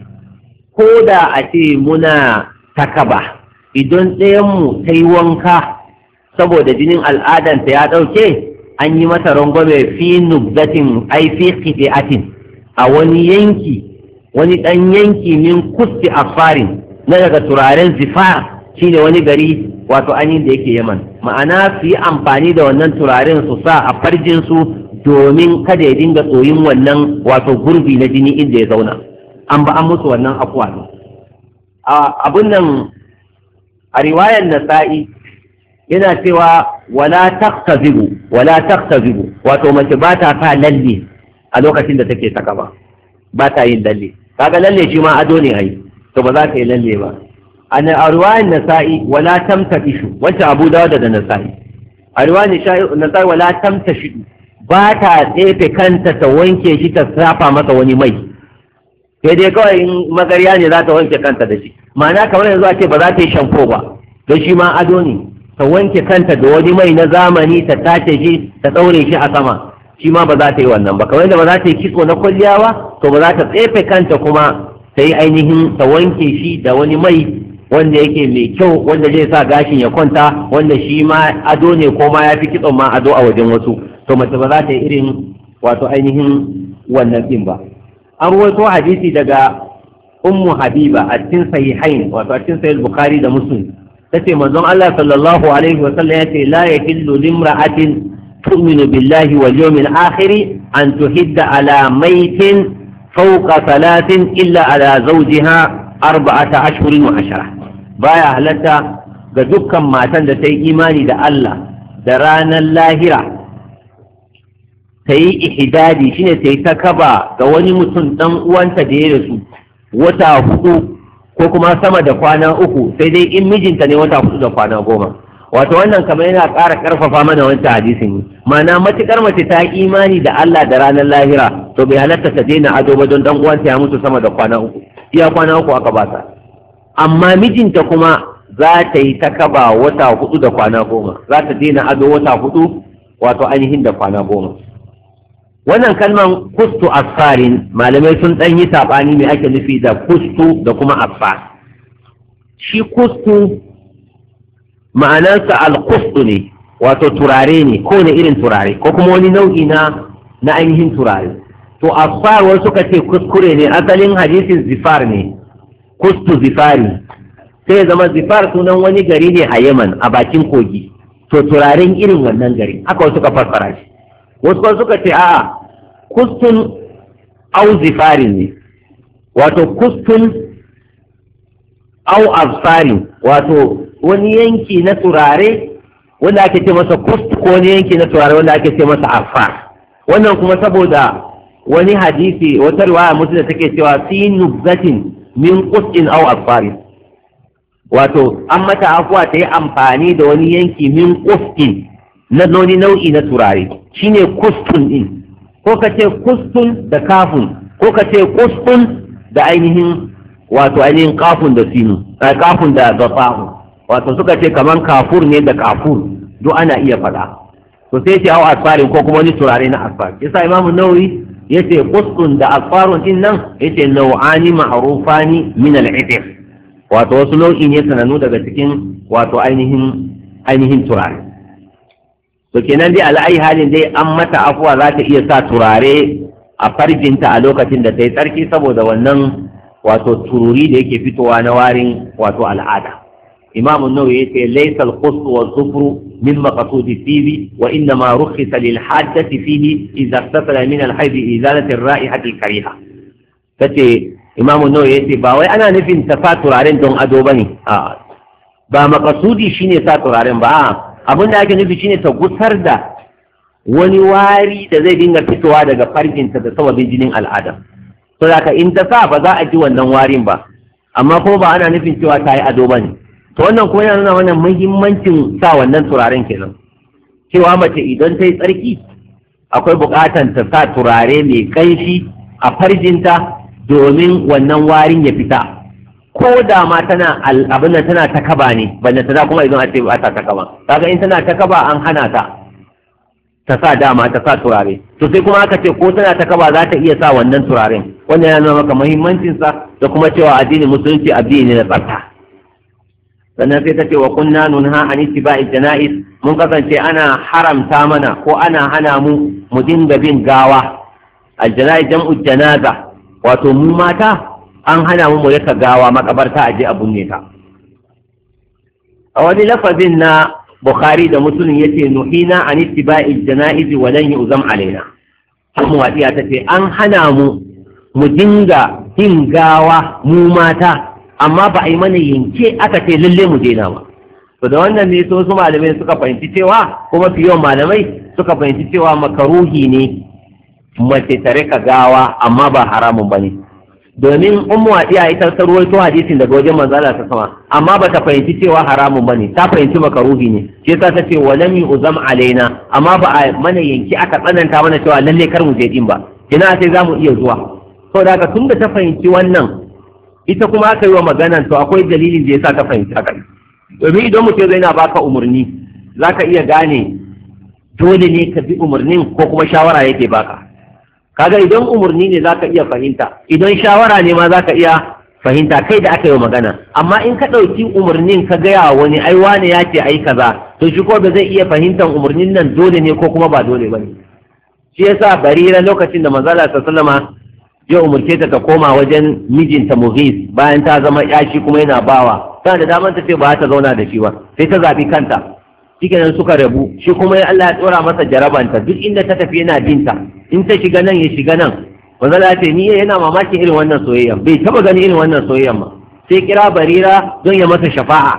ko da a ce muna takaba idan ɗayanmu ta yi wanka saboda jinin al'adanta ya ɗauke an yi mata rangwame fi nubzatin ai fi atin, a wani yanki wani dan yanki min kusti afarin na daga turaren zifar shine wani gari wato ainihin da yake yaman ma'ana su yi amfani da wannan turaren su sa a farjin su domin kada ya dinga tsoyin wannan wato gurbi na jini inda ya zauna an ba an musu wannan afuwa abun nan a riwayar nasa'i yana cewa wala taqtazibu wala taqtazibu wato mace ba ta sa lalle a lokacin da take saka ba ba ta yin lalle kaga lalle shi ma ado ne ai to ba za ta yi lalle ba an a na nasa'i wala tamtahishu wacce abu dawud da nasa'i a na nasa'i wala tamtahishu ba ta tsefe kanta ta wanke shi ta safa masa wani mai sai dai kawai in magariya ne za ta wanke kanta da shi ma'ana kamar yanzu a ce ba za ta yi shamfo ba don shi ma ado ne ta wanke kanta da wani mai na zamani ta tace shi ta daure shi a sama shi ma ba za ta yi wannan ba kamar da ba za ta yi kitso na kwalliya ba to ba za ta tsefe kanta kuma ta yi ainihin ta wanke shi da wani mai wanda yake mai kyau wanda zai sa gashin ya kwanta wanda shi ma ado ne ko ma ya fi kitson ma ado a wajen wasu to mace ba za ta yi irin wato ainihin wannan din ba an ruwaito hadisi daga ummu habiba a cikin sahihain wato a cikin sahih bukhari da muslim yace manzon Allah sallallahu alaihi wa sallam yace la yahillu limra'atin tu'minu billahi wal yawmil akhir an tuhidda ala maitin fawqa thalathin illa ala zawjiha arba'ata ashhurin wa ashara baya halatta ga dukkan matan da ta yi imani da Allah da ranar lahira ta yi ihdadi shine ta yi takaba ga wani mutum dan uwanta da ya rasu wata hudu ko kuma sama da kwana uku sai dai in mijinta ne wata hudu da kwana goma wato wannan kamar yana ƙara ƙarfafa mana wancan hadisin ne ma'ana matuƙar mace ta yi imani da Allah da ranar lahira to bai halatta ta daina ado ba don dan uwanta ya mutu sama da kwana uku iya kwana uku aka ba ta amma mijinta kuma za ta yi ta kaba wata hudu da kwana goma za ta daina ado wata hudu wato ainihin da kwana goma wannan kalman kustu asfarin malamai sun ɗan yi saɓani mai ake nufi da kustu da kuma asfar shi kustu ma'anarsa alkustu ne wato turare ne ko ne irin turare ko kuma wani nau'i na na ainihin turare to asfar wani suka ce kuskure ne asalin hadisin zifar ne kustu zifari sai zama zifar sunan wani gari ne a yaman a bakin kogi to turaren irin wannan gari haka wasu suka fassara wasu kuma suka ce a'a kustun au zifari ne wato kustun au afsarin wato wani yanki na turare wanda ake ce masa kust ko wani yanki na turare wanda ake ce masa afar wannan kuma saboda wani hadisi wata riwaya mutum da take cewa fi nubzatin min kustin au afsarin wato an mata afuwa ta yi amfani da wani yanki min kustin na noni nau'i na turare shine kustun din ko ka ce kustun da kafun ko ka ce kustun da ainihin wato ainihin kafun da sinu a eh, kafun da gafahu wato suka ce kaman kafur ne da kafur duk ana iya faɗa to sai ce hau asfarin ko kuma wani turare na asfar yasa imamu ya ce kustun da asfarun din nan Ya ce nau'ani ni, min al wato wasu nau'i ne sanannu daga cikin wato ainihin ainihin turare to kenan dai ala'ayi halin dai an mata afuwa za ta iya sa turare a farjinta a lokacin da ta yi tsarki saboda wannan wato tururi da yake fitowa na warin wato al'ada imam nawawi yace laysa al-qus wa zufru min maqsudi fihi wa inna ma rukhisa lil hadathi fihi idza istasala min al-hayd izalati ar-ra'ihati al-kariha tace imam nawawi ce, ba wai ana nufin ta sa turaren don ado bane a ba maqsudi shine sa turaren ba abin da ake nufi shine ta gusar da wani wari da zai dinga fitowa daga farkinta da sababin jinin al'ada to da in ta sa ba za a ji wannan warin ba amma kuma ba ana nufin cewa ta yi ado ba ne to wannan kuma yana nuna wannan muhimmancin sa wannan turaren kenan cewa mace idan ta yi tsarki akwai bukatan ta sa turare mai kaifi a farjinta domin wannan warin ya fita ko da ma tana abin nan tana ta kaba ne banda ta kuma idan a ce ba ta kaba kaga in tana ta kaba an hana ta ta sa dama ta sa turare to sai kuma aka ce ko tana ta kaba za ta iya sa wannan turaren wannan yana maka muhimmancin sa da kuma cewa addinin musulunci addini ne na tsarta. sannan sai ta ce wa kunna nunha an ittiba'i jana'is mun kasance ana haramta mana ko ana hana mu mu dinga bin gawa janais jam'u janaza wato mu mata an hana mu mu rika gawa makabarta aje a bunne ta a wani lafazin na bukhari da musulun yace nuhina an ittiba'i janaiz wa lan yuzam alaina kuma wadiya ce an hana mu mu dinga yin gawa mu mata amma ba a yi mana yanke aka ce lalle mu daina ba to da wannan ne su malamai suka fahimci cewa kuma fiye malamai suka fahimci cewa makaruhi ne mace ta rika gawa amma ba haramun ba ne domin in ummu atiya ita ta ruwaito hadisin daga wajen manzo Allah ta sama amma ba ta fahimci cewa haramun ba ne. ta fahimci makaruhi ne shi yasa ta ce walam yu'zam alaina amma ba a mana yanki aka tsananta mana cewa lalle kar mu je din ba ina sai zamu iya zuwa to da ka tunda ta fahimci wannan ita kuma aka yi wa magana to akwai dalilin da yasa ta fahimci haka domin idan mutum zai na baka umarni zaka iya gane dole ne ka bi umarnin ko kuma shawara yake baka kaga idan umarni ne za ka iya fahimta idan shawara ne ma za ka iya fahimta kai da aka yi magana amma in ka ɗauki umarnin ka gaya wani ai wane ya ce ai kaza to shi ko ba zai iya fahimtar umarnin nan dole ne ko kuma ba dole ba ne shi yasa barira lokacin da manzala sallama ya umarce ta ta koma wajen mijinta mughis bayan ta zama yashi kuma yana bawa tana da daman ta ce ba ta zauna da shi ba sai ta zabi kanta shikenan suka rabu shi kuma Allah ya tsora masa jarabanta duk inda ta tafi yana binta in ta shiga nan ya shiga nan manzo Allah ce ni yana mamakin irin wannan soyayyan bai taba gani irin wannan soyayyan ba sai kira barira don ya masa shafa'a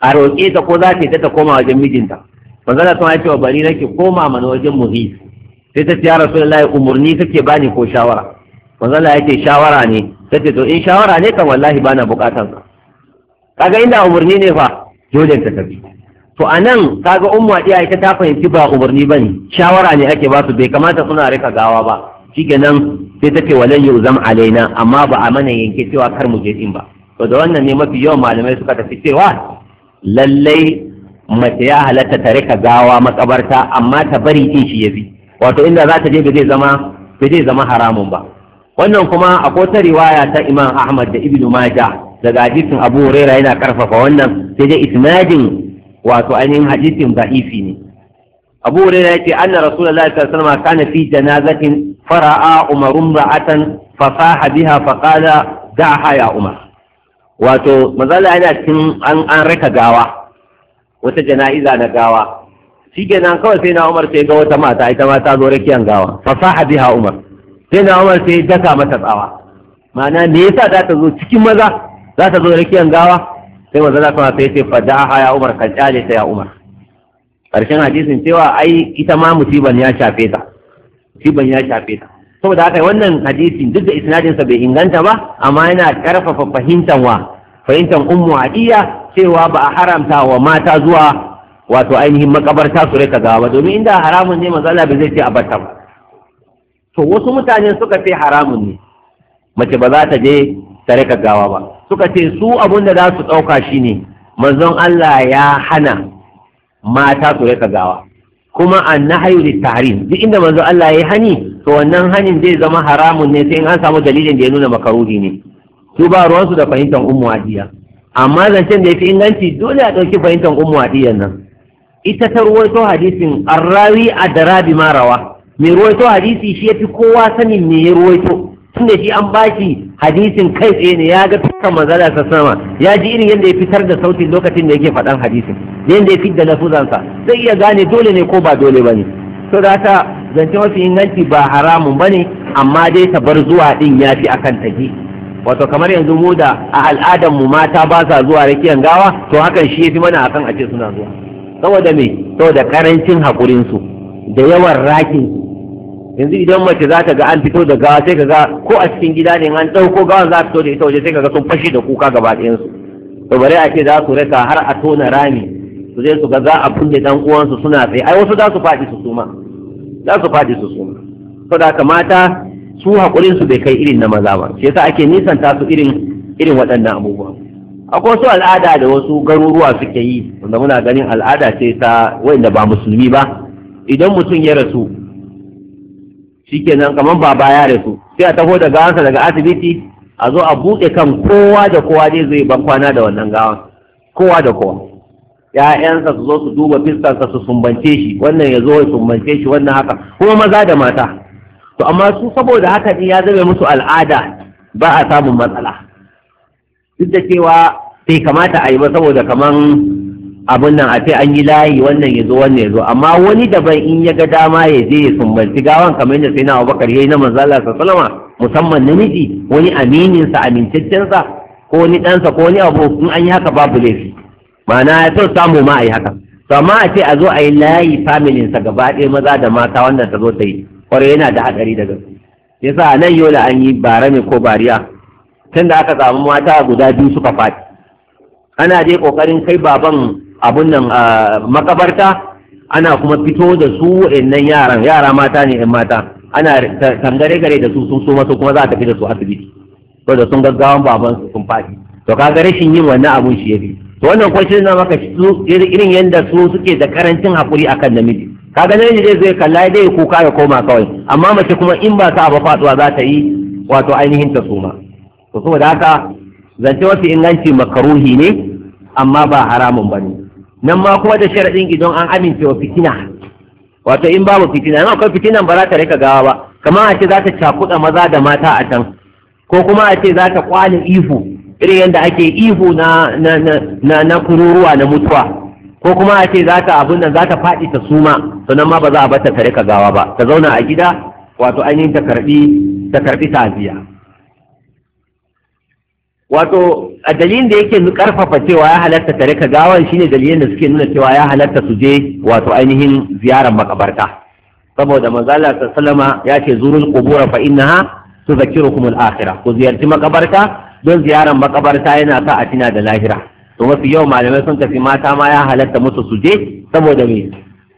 a roƙe ta ko za ta yi ta koma wajen mijinta manzo za ta ce wa barira ki koma mana wajen muhi sai ta ce ya rasulullahi umurni kake bani ko shawara manzo ya ce shawara ne Ta ce to in shawara ne kan wallahi bana Ka kaga inda umarni ne fa dole ta tafi to a nan kaga umma iyaye ta ta fahimci ba umarni ba ne shawara ne ake ba su bai kamata suna rika gawa ba shikenan sai ta ce walan zama alaina amma ba a mana yanke cewa kar mu je din ba to da wannan ne mafi yawan malamai suka tafi cewa lallai mace ya halatta ta rika gawa makabarta amma ta bari din shi bi. wato inda za ta je ba zai zama ba zai zama haramun ba wannan kuma akwai ta riwaya ta Imam Ahmad da Ibn Majah daga hadisin Abu Huraira yana karfafa wannan sai dai isnadin wato ainihin hadisin da'ifi ne abu hurairah yace anna rasulullahi sallallahu alaihi wasallam kana fi janazatin fara'a umarun ra'atan fasaha biha faqala da'aha ya umar wato manzala yana cikin an an raka gawa wata jana'iza na gawa shi kenan kawai sai na umar sai ga wata mata ita ma ta zo rakiyan gawa fasaha biha umar sai na umar sai daka mata tsawa ma'ana me yasa za ta zo cikin maza za ta zo rakiyan gawa sai manzo Allah kuma sai ce fada fadaha ya Umar ka kyale ta ya Umar Ƙarshen hadisin cewa ai ita ma musiban ya shafe ta musiban ya shafe ta saboda haka wannan hadisin duk da isnadin sa bai inganta ba amma yana karfafa fahimtan wa fahimtan ummu cewa ba a haramta wa mata zuwa wato ainihin makabarta su rika gawa ba. domin inda haramun ne manzo bai zai ce a bata ba to wasu mutane suka ce haramun ne mace ba za ta je tare ka gawa ba suka ce su abun da za su ɗauka shi ne manzon Allah ya hana mata su rika gawa kuma an na hayu da tahrim duk inda manzon Allah ya hani to wannan hanin zai zama haramun ne sai an samu dalilin da ya nuna makaruhi ne su ba ruwansu da fahimtar ummu adiya amma zancen da ya fi inganci dole a ɗauki fahimtar ummu adiyan nan ita ta ruwaito hadisin arrawi a darabi marawa mai ruwaito hadisi shi ya fi kowa sanin me ya ruwaito tunda shi an baki hadisin kai tsaye ne ya ga fitar manzala ta sama ya ji irin yadda ya fitar da sautin lokacin da yake faɗan hadisin yadda ya fitar da lafuzansa zai iya gane dole ne ko ba dole ba ne so da ta zance mafi inganci ba haramun ba ne amma dai ta bar zuwa ɗin ya fi akan tafi wato kamar yanzu mu da a al'adar mu mata ba sa zuwa rakiyan gawa to hakan shi ya fi mana akan a ce suna zuwa saboda me saboda karancin haƙurinsu da yawan rakin yanzu idan mace za ta ga an fito da gawa sai ka ga ko a cikin gida ne an ɗauko gawa za a fito da ita waje sai ka ga sun fashe da kuka gaba ɗayansu to bare a ce za su raka har a tona rami su zai su ga za a kunne ɗan uwansu suna tsaye ai wasu za su faɗi su suma za su faɗi su suma To da mata su haƙurin su bai kai irin na maza ba shi yasa ake nisanta su irin irin waɗannan abubuwa akwai wasu al'ada da wasu garuruwa suke yi wanda muna ganin al'ada ce ta wanda ba musulmi ba idan mutum ya rasu shi nan kamar baba ya rasu sai a taho da gawansa daga asibiti a zo a buɗe kan kowa da kowa dai zai ban kwana da wannan gawan kowa da kowa ‘ya'yansa su zo su duba fiskansa su sumbance shi wannan ya zo ya sumbance shi wannan haka kuma maza da mata to amma su saboda haka ne ya zama musu al'ada ba a samun matsala duk da cewa sai kamata a yi ba saboda kaman abin nan a ce an yi layi wannan ya zo wannan ya zo amma wani daban in ya ga dama ya je ya sumbanci gawan kamar yadda sai na abubakar ya yi na manzo Allah sallama musamman namiji wani amininsa amintaccensa ko wani ɗansa ko wani abu in an yi haka babu laifi ma'ana ya son samu ma a yi haka to amma a ce a zo a yi layi familinsa gaba ɗaya maza da mata wanda ta zo ta yi kwarai yana da haɗari da gaske yasa nan yola an yi bara ne ko bariya tunda aka samu mata guda biyu suka faɗi ana dai ƙoƙarin kai baban abun nan makabarta ana kuma fito da su wa'annan yaran yara mata ne yan mata ana tangare gare da su sun so masu kuma za a tafi da su asibiti to da sun gaggawan baban su sun faɗi to kaga rashin yin wannan abun shi yafi to wannan kwashin na maka irin yadda su suke da karancin hakuri akan namiji kaga namiji zai zai kalla dai kuka ya koma kawai amma mace kuma in ba ta ba faduwa za ta yi wato ainihin ta suma to saboda haka zance wasu inganci makaruhi ne amma ba haramun bane nan ma kuma da sharaɗin idan an amince wa fitina wato in babu fitina nan akwai fitinan ba za ta rika gawa ba kamar a ce za ta cakuɗa maza da mata a can ko kuma a ce za ta kwana ihu irin yadda ake ihu na na kururuwa na mutuwa ko kuma a ce za ta abin nan za ta faɗi ta suma sannan ma ba za a bata ta rika gawa ba ta zauna a gida wato yi ta karɓi ta karɓi ta wato a dalilin da yake karfafa cewa ya halatta tare ka gawan shine dalilin da suke nuna cewa ya halatta su je wato ainihin ziyarar makabarta saboda manzo Allah sallama ya ce zurul qubur fa innaha tudhakkirukum al-akhirah ku ziyarci makabarta don ziyarar makabarta yana sa a tina da lahira to mafi yau malamai sun tafi mata ma ya halatta musu su je saboda me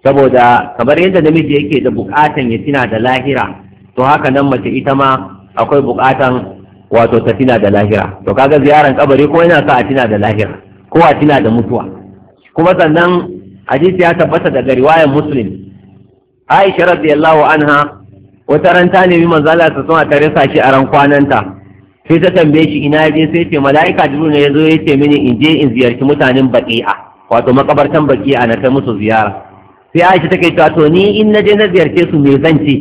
saboda kamar yadda namiji yake da bukatan ya tina da lahira to haka nan mace ita ma akwai bukatan wato ta tina da lahira to kaga ziyaran kabari ko yana sa a tina da lahira ko a tina da mutuwa kuma sannan hadisi ya tabbata daga riwayar muslim aisha radiyallahu anha wata ranta ne nemi manzo Allah ta sama ta rasa shi a ran kwananta sai ta tambaye shi ina je sai ce mala'ika jibril ne yazo ce mini in je in ziyarci mutanen baqi'a wato makabartan baqi'a na kai musu ziyara sai aisha take cewa to ni in na je na ziyarce su me zan ce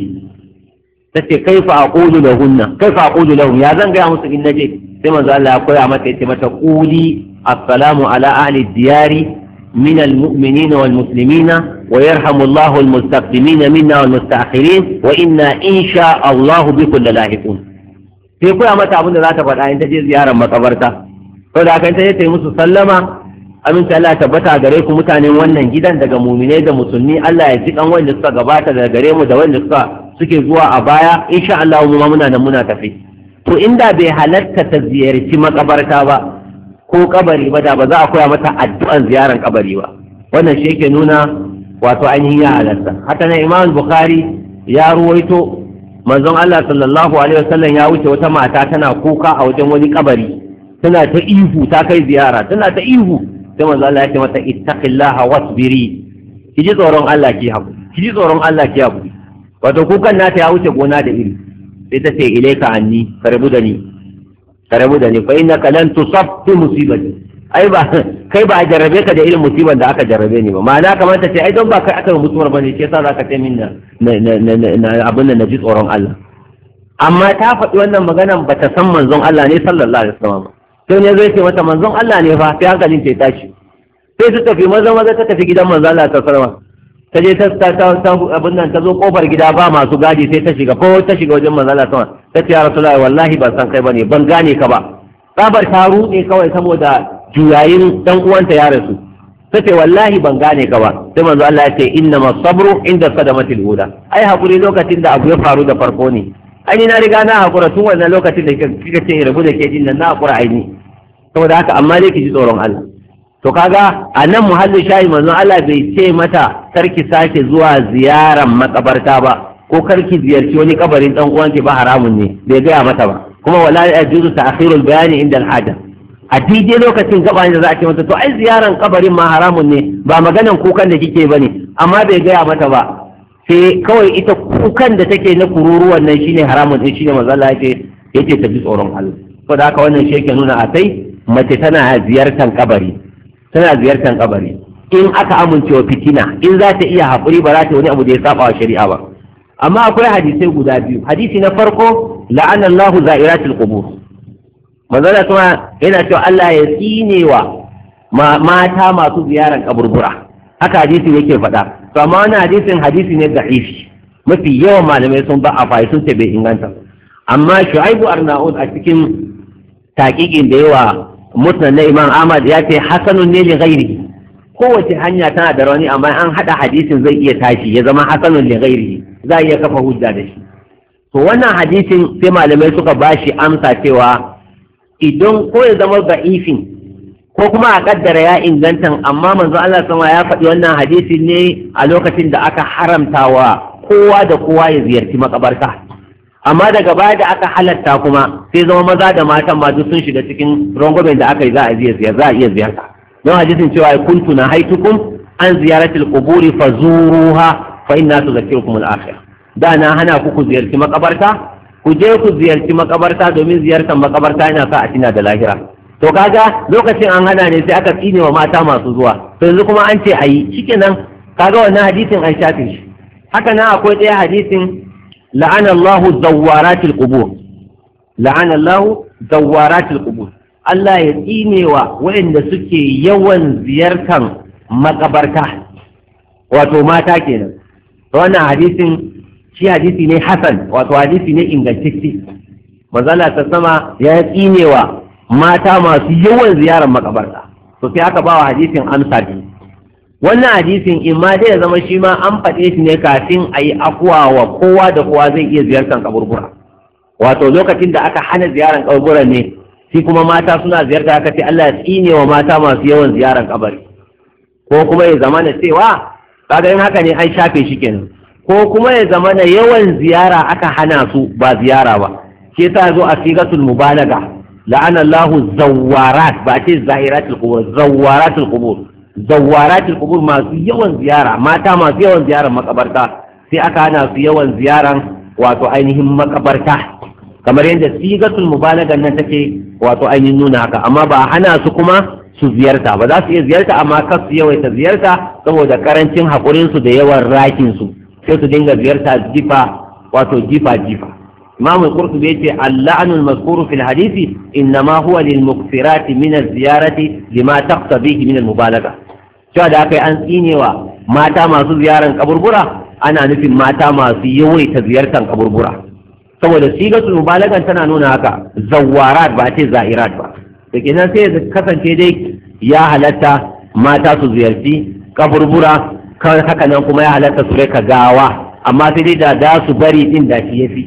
tace kaifa aqulu lahunna kaifa aqulu lahum ya zan ga musu in naje sai manzo Allah ya koya mata yace mata quli assalamu ala ahli diyari من المؤمنين والمسلمين ويرحم الله المستقدمين منا والمستأخرين وإنا إن شاء الله بكل لاحقون sai koya mata abin da za ta faɗa in ta je ziyarar makabarta to da kan ta je ta yi musu sallama aminta Allah tabbata gare ku mutanen wannan gidan daga muminai da musulmi Allah ya ji kan wanda suka gabata daga gare mu da wanda suka suke zuwa a baya insha Allah mu muna nan muna tafi to inda bai halatta ta ziyarci makabarta ba ko kabari ba da ba za a koya mata addu'an ziyaran kabari ba wannan shi yake nuna wato ainihin ya halatta haka nan Imam Bukhari ya ruwaito manzon Allah sallallahu alaihi wasallam ya wuce wata mata tana kuka a wajen wani kabari tana ta ihu ta kai ziyara tana ta ihu sai manzon Allah ya ce mata ittaqillaha wasbiri ki ji tsoron Allah ki haƙuri ki ji tsoron Allah ki haƙuri wato kukan nata ya wuce gona da iri sai ta ce ilaika anni ka rabu da ni ka rabu da ni fa innaka lan tusab bi musibati ai ba kai ba jarrabe ka da irin musibar da aka jarrabe ni ba ma'ana kamar ta ce ai don ba kai aka mutuwar bane shi yasa zaka ce min na abin da ji tsoron Allah amma ta faɗi wannan maganan ba ta san manzon Allah ne sallallahu alaihi wasallam ba sai ne zai ce mata manzon Allah ne fa sai hankalin ta tashi sai su tafi maza maza ta tafi gidan manzon Allah sallallahu alaihi wasallam ta je ta ta abin nan ta zo kofar gida ba masu gadi sai ta shiga ko ta shiga wajen manzala sama ta ce ya rasulullahi wallahi ban san kai bane ban gane ka ba tsabar ta rude kawai saboda juyayin dan uwanta ya rasu ta ce wallahi ban gane ka ba sai manzo Allah ya ce inna masabru inda sadamatil huda ai hakuri lokacin da abu ya faru da farko ne ai na riga na hakura tun wannan lokacin da kika ce rabu da ke jin nan na hakura aini saboda haka amma dai ki ji tsoron Allah to kaga a nan muhallin shayi manzon Allah bai ce mata karki sake zuwa ziyaran makabarta ba ko karki ziyarci wani kabarin dan uwanki ba haramun ne bai gaya mata ba kuma wala juzu ta'khirul bayani inda al hada a daidai lokacin gaba da za a ce mata to ai ziyaran kabarin ma haramun ne ba maganan kukan da kike bane amma bai gaya mata ba sai kawai ita kukan da take na kururuwan nan shine haramun ne shine manzon Allah yake yake tafi tsoron Allah saboda haka wannan shi yake nuna a sai mace tana ziyartar kabari tana ziyartar kabari in aka amincewa fitina in za ta iya haƙuri ba za ta wani abu da ya saba wa shari'a ba amma akwai hadisai guda biyu hadisi na farko la'anallahu za'iratul qubur manzo da kuma yana cewa Allah ya tsinewa mata masu ziyarar kaburbura haka hadisi yake faɗa to amma wannan hadisin hadisi ne da'ifi mafi yawan malamai sun ba a fa'i sun ce bai inganta amma shu'aibu arna'ud a cikin taqiqin da yawa musnad na imam ahmad ya ce hasanun ne li ghairihi kowace hanya tana da rauni amma an hada hadisin zai iya tashi ya zama hasanun li ghairihi za a iya kafa hujja da shi to wannan hadisin sai malamai suka bashi amsa cewa idan ko ya zama da'ifin ko kuma a kaddara ya inganta amma manzo Allah sama ya faɗi wannan hadisin ne a lokacin da aka haramtawa kowa da kowa ya ziyarci makabarta amma daga baya da aka halatta kuma sai zama maza da matan ma duk sun shiga cikin rangwamen da aka yi za a iya ziyarta za a iya ziyarta don hadisin cewa kuntu na haitukum an ziyaratil quburi fazuruha fa inna tudhakkirukum al-akhir da na hana ku ku ziyarci makabarta ku je ku ziyarci makabarta domin ziyartar makabarta yana sa a tina da lahira to kaga lokacin an hana ne sai aka tsine wa mata masu zuwa to yanzu kuma an ce ayi shikenan kaga wannan hadisin an shafe shi haka nan akwai ɗaya hadisin La'anallahu Allahu zawaratil qubur la'ana Allahu Allah ya tsinewa waɗanda suke yawan ziyartan makabarta wato mata kenan wannan hadisin shi hadisi ne hasan wato hadisi ne ingantacce mazala ta sama ya tsinewa mata masu yawan ziyarar maƙabarta, to aka bawa hadisin amsa bi wannan hadisin ma dai ya zama shi ma an faɗe shi ne kafin a yi akuwa wa kowa da kowa zai iya ziyartar kaburbura wato lokacin da aka hana ziyarar kaburbura ne shi kuma mata suna ziyarta aka ce Allah ya tsine wa mata masu yawan ziyarar kabari ko kuma ya zama na cewa kaga in haka ne an shafe shi kenan ko kuma ya zama na yawan ziyara aka hana su ba ziyara ba ke sa zo a sigatul mubalaga la'anallahu zawwarat ba ce zahiratul qubur zawwaratul qubur zawaratul qubur masu yawan ziyara mata masu yawan ziyaran makabarta sai aka hana su yawan ziyaran wato ainihin makabarta kamar yadda sigatul mubalaga nan take wato ainihin nuna haka amma ba hana su kuma su ziyarta ba za su iya ziyarta amma kar su yawaita ziyarta saboda karancin hakurin su da yawan rakin su sai su dinga ziyarta jifa wato jifa jifa imam qurtubi yace al-la'nu al-mazkuru fil hadisi innama huwa lil mukthirat min az-ziyarati lima taqtabihi min al mubalaga. cewa da aka yi an tsinewa mata masu ziyaran kaburbura ana nufin mata masu yawaita ziyartar kaburbura saboda shi ga mubalagan tana nuna haka zawarat ba ce za'irat ba da kenan sai ya kasance dai ya halatta mata su ziyarci kaburbura haka nan kuma ya halatta su rika gawa amma sai dai da za su bari din da shi yafi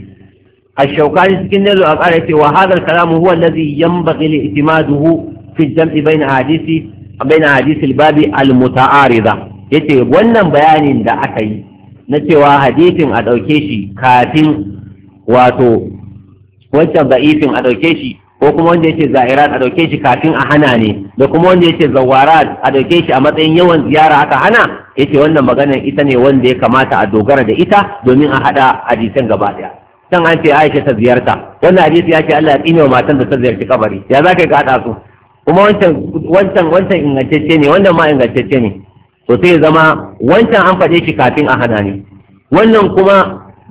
الشوكاني a ƙara cewa وهذا الكلام هو الذي ينبغي الاعتماده fi jam'i بين hadisi بين حديث الباب المتعارضة yace wannan bayanin da aka yi na cewa hadisin a ɗauke shi kafin wato wancan za'ifin a ɗauke shi ko kuma wanda yace za'irat a ɗauke shi kafin a hana ne da kuma wanda yace zawara a ɗauke shi a matsayin yawan ziyara aka hana yace wannan maganar ita ne wanda ya kamata a dogara da ita domin a haɗa hadisan gaba ɗaya an ce Aisha ta ziyarta wannan hadisi ya ce Allah ya tsine wa matan da ta ziyarci kabari ya za ka yi su kuma wancan wancan wancan ingantacce ne wannan ma ingantacce ne to sai zama wancan an faɗe shi kafin a hana ne wannan kuma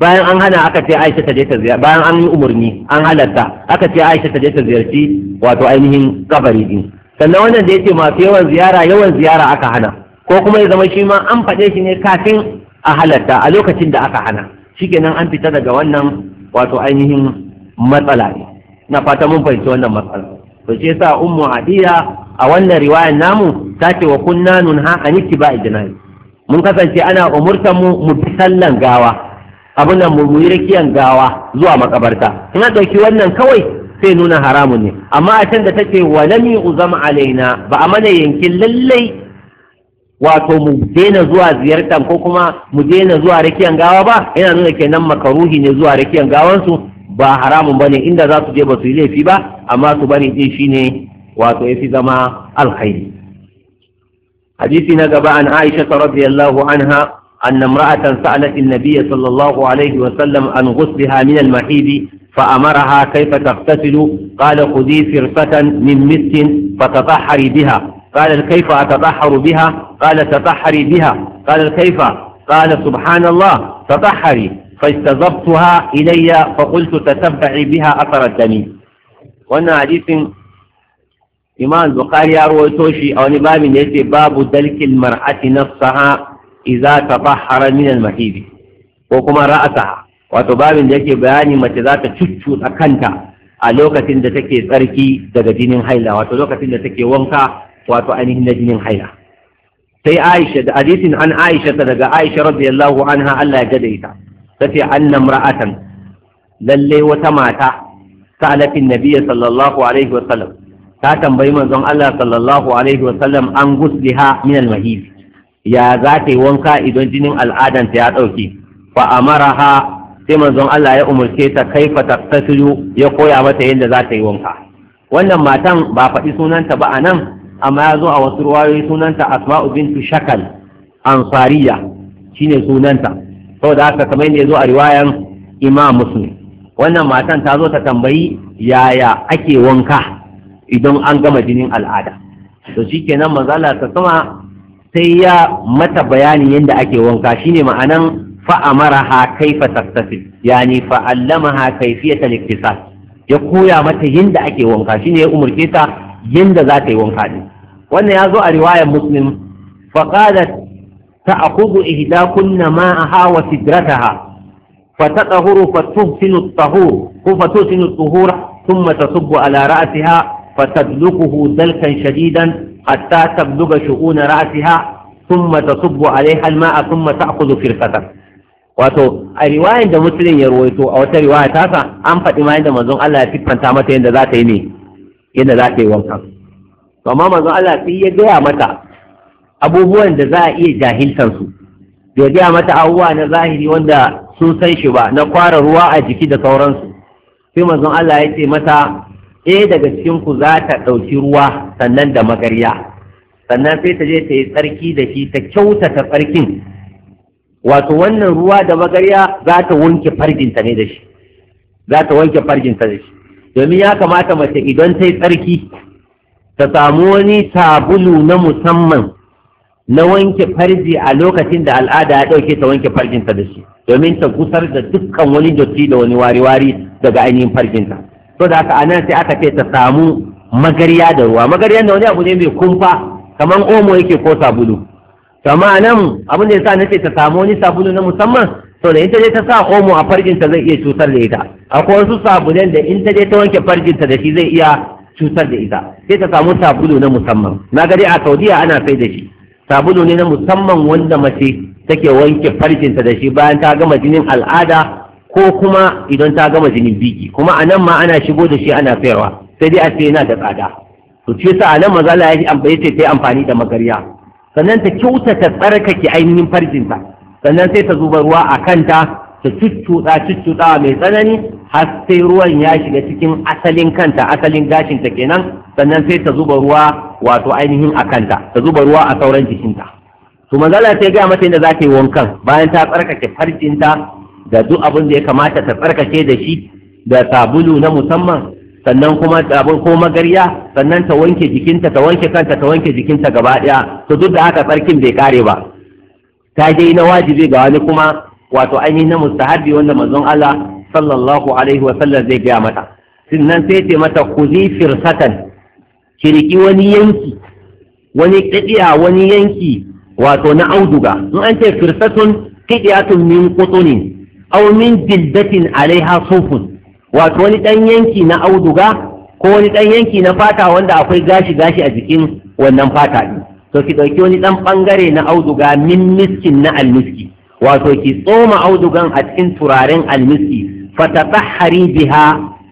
bayan an hana aka ce Aisha ta je ta ziyarci bayan an yi umurni, an halarta aka ce Aisha ta je ta ziyarci wato ainihin kabari din sannan wannan da yake masu yawan ziyara yawan ziyara aka hana ko kuma ya zama shi ma an faɗe shi ne kafin a halarta a lokacin da aka hana shikenan an fita daga wannan wato ainihin matsala ne na fata mun fahimci wannan matsala to shi yasa ummu hadiya a wannan riwayar namu ta ce wa kunna ha an ittiba ijnabi mun kasance ana umurtan mu mu sallan gawa abin nan mu yi rakiyan gawa zuwa makabarta Ina dauki ɗauki wannan kawai sai nuna haramun ne amma a can da take wa lam yu'zam alaina ba a mana yankin lallai wato mu daina zuwa ziyartan ko kuma mu daina zuwa rakiyan gawa ba Ina nuna kenan makaruhi ne zuwa rakiyan gawansu ba haramun bane inda za su je ba su yi laifi ba amma su bane din shi ne wato ya fi zama alkhairi hadisi na gaba an aisha ta radiyallahu anha an na mura'atan sa'alat annabi sallallahu alaihi wa sallam an ghusliha min al mahidi fa amaraha kayfa taghtasilu qala khudhi firqatan min mittin fatatahhari biha قال كيف أتطهر بها؟ قال تطهري بها، قال كيف؟ قال سبحان الله تطهري فاستظفتها إلي فقلت تتبعي بها أثر الدم وانا حديث إمام البخاري أروي توشي أو نباب يأتي باب دلك المرأة نفسها إذا تطهر من المحيض وكما رأسها وتباب يأتي بياني متى ذات تشتشت أكنتها a lokacin da take tsarki daga jinin haila wato lokacin da take wanka wato ainihin na jinin haila sai Aisha da hadisin an Aisha daga Aisha radiyallahu anha Allah ya gada tace annam mura'atan, lalle wata mata alafin nabiyyi sallallahu alaihi ta tambayi manzon Allah sallallahu alaihi an gusliha min al-mahid ya za ta yi wanka idan jinin ta ya dauke fa ha sai manzon Allah ya umarce ta kaifa taqtasilu ya koya mata yadda za ta yi wanka wannan matan ba faɗi sunanta ba a nan amma ya zo a wasu ruwayoyi sunanta asma'u bintu shakal ansariya shine sunanta saboda haka kamar yadda ya zo a riwayan imam muslim wannan matan ta zo ta tambayi yaya ake wanka idan an gama jinin al'ada to shikenan manzala ta sama sai ya mata bayanin yadda ake wanka shine ma'anan fa'amaraha kaifa tattasil yani fa'allamaha kayfiyatan iktisal ya koya mata yadda ake wanka shine ya umurce ta yadda za ta yi wanka ne. wannan ya zo a riwayan muslim faqalat تأخذ إهداكن ماءها وسدرتها فتطهر فتحسن الطهور فتحسن الطهور ثم تصب على رأسها فتدلكه دلكا شديدا حتى تبلغ شؤون رأسها ثم تصب عليها الماء ثم تأخذ فرقته wato a riwayan da musulun ya ruwaito a wata riwaya tasa an faɗi ma yadda manzon Allah ya siffanta mata yadda za ta yi ne yadda za ta yi wanka amma manzon Allah sai ya gaya mata abubuwan da za a iya jahiltansu da gaya mata abubuwa na zahiri wanda sun san shi ba na kwara ruwa a jiki da sauransu sai mazan Allah ya ce mata ɗaya eh, daga cikin ku za ta ɗauki ruwa sannan da magarya sannan sai ta je ta yi tsarki da shi ta kyautata tsarkin wato wannan ruwa da magarya za ta wanke farginta ne da shi za ta wanke da shi domin ya kamata mace idan ta yi tsarki ta samu wani sabulu na musamman na wanke farji a lokacin da al'ada ya ɗauke ta wanke farjinta da shi domin ta kusar da dukkan wani dotti da wani wari-wari daga ainihin farjinta to da aka anan sai aka ce ta samu magarya da ruwa magarya da wani abu ne mai kumfa kamar omo yake ko sabulu amma nan abin da yasa nace ta samu wani sabulu na musamman to da in ta je ta sa omo a farjinta zai iya cutar da ita akwai wasu sabulan da in ta je ta wanke farjinta da shi zai iya cutar da ita sai ta samu sabulu na musamman na gari a saudiya ana sai da shi sabulu ne na musamman wanda mace take wanke farcinta da shi bayan ta gama jinin al'ada ko kuma idan ta gama jinin biki kuma a nan ma ana shigo da shi ana sayarwa sai dai a ce yana da tsada to ce sa a nan maza la ya ce ta amfani da magarya sannan ta kyautata tsarkake ainihin farcinta sannan sai ta zuba ruwa a kanta ta cuccuɗa cuccuɗa mai tsanani har sai ruwan ya shiga cikin asalin kanta asalin gashinta kenan sannan sai ta zuba ruwa wato ainihin a kanta ta zuba ruwa a sauran jikinta to manzala sai gaya mata inda za ta yi wankan bayan ta tsarkake farcinta da duk abin da ya kamata ta tsarkake da shi da sabulu na musamman sannan kuma abin ko magarya sannan ta wanke jikinta ta wanke kanta ta wanke jikinta gaba ɗaya to duk da haka tsarkin bai kare ba ta dai na wajibi ga wani kuma wato ainihin mustahabi wanda manzon Allah sallallahu alaihi wa sallam zai gaya mata sannan sai ce mata kuzi firsatan kiriki wani yanki wani kidiya wani yanki wato na auduga in an ce firsatun kidiyatun min qutunin aw min jildatin alaiha sufun wato wani dan yanki na auduga ko wani dan yanki na fata wanda akwai gashi gashi a jikin wannan fata ne to ki dauki wani dan bangare na auduga min miskin na almiski wato ki tsoma audugan a cikin turaren almiski fatatahari biha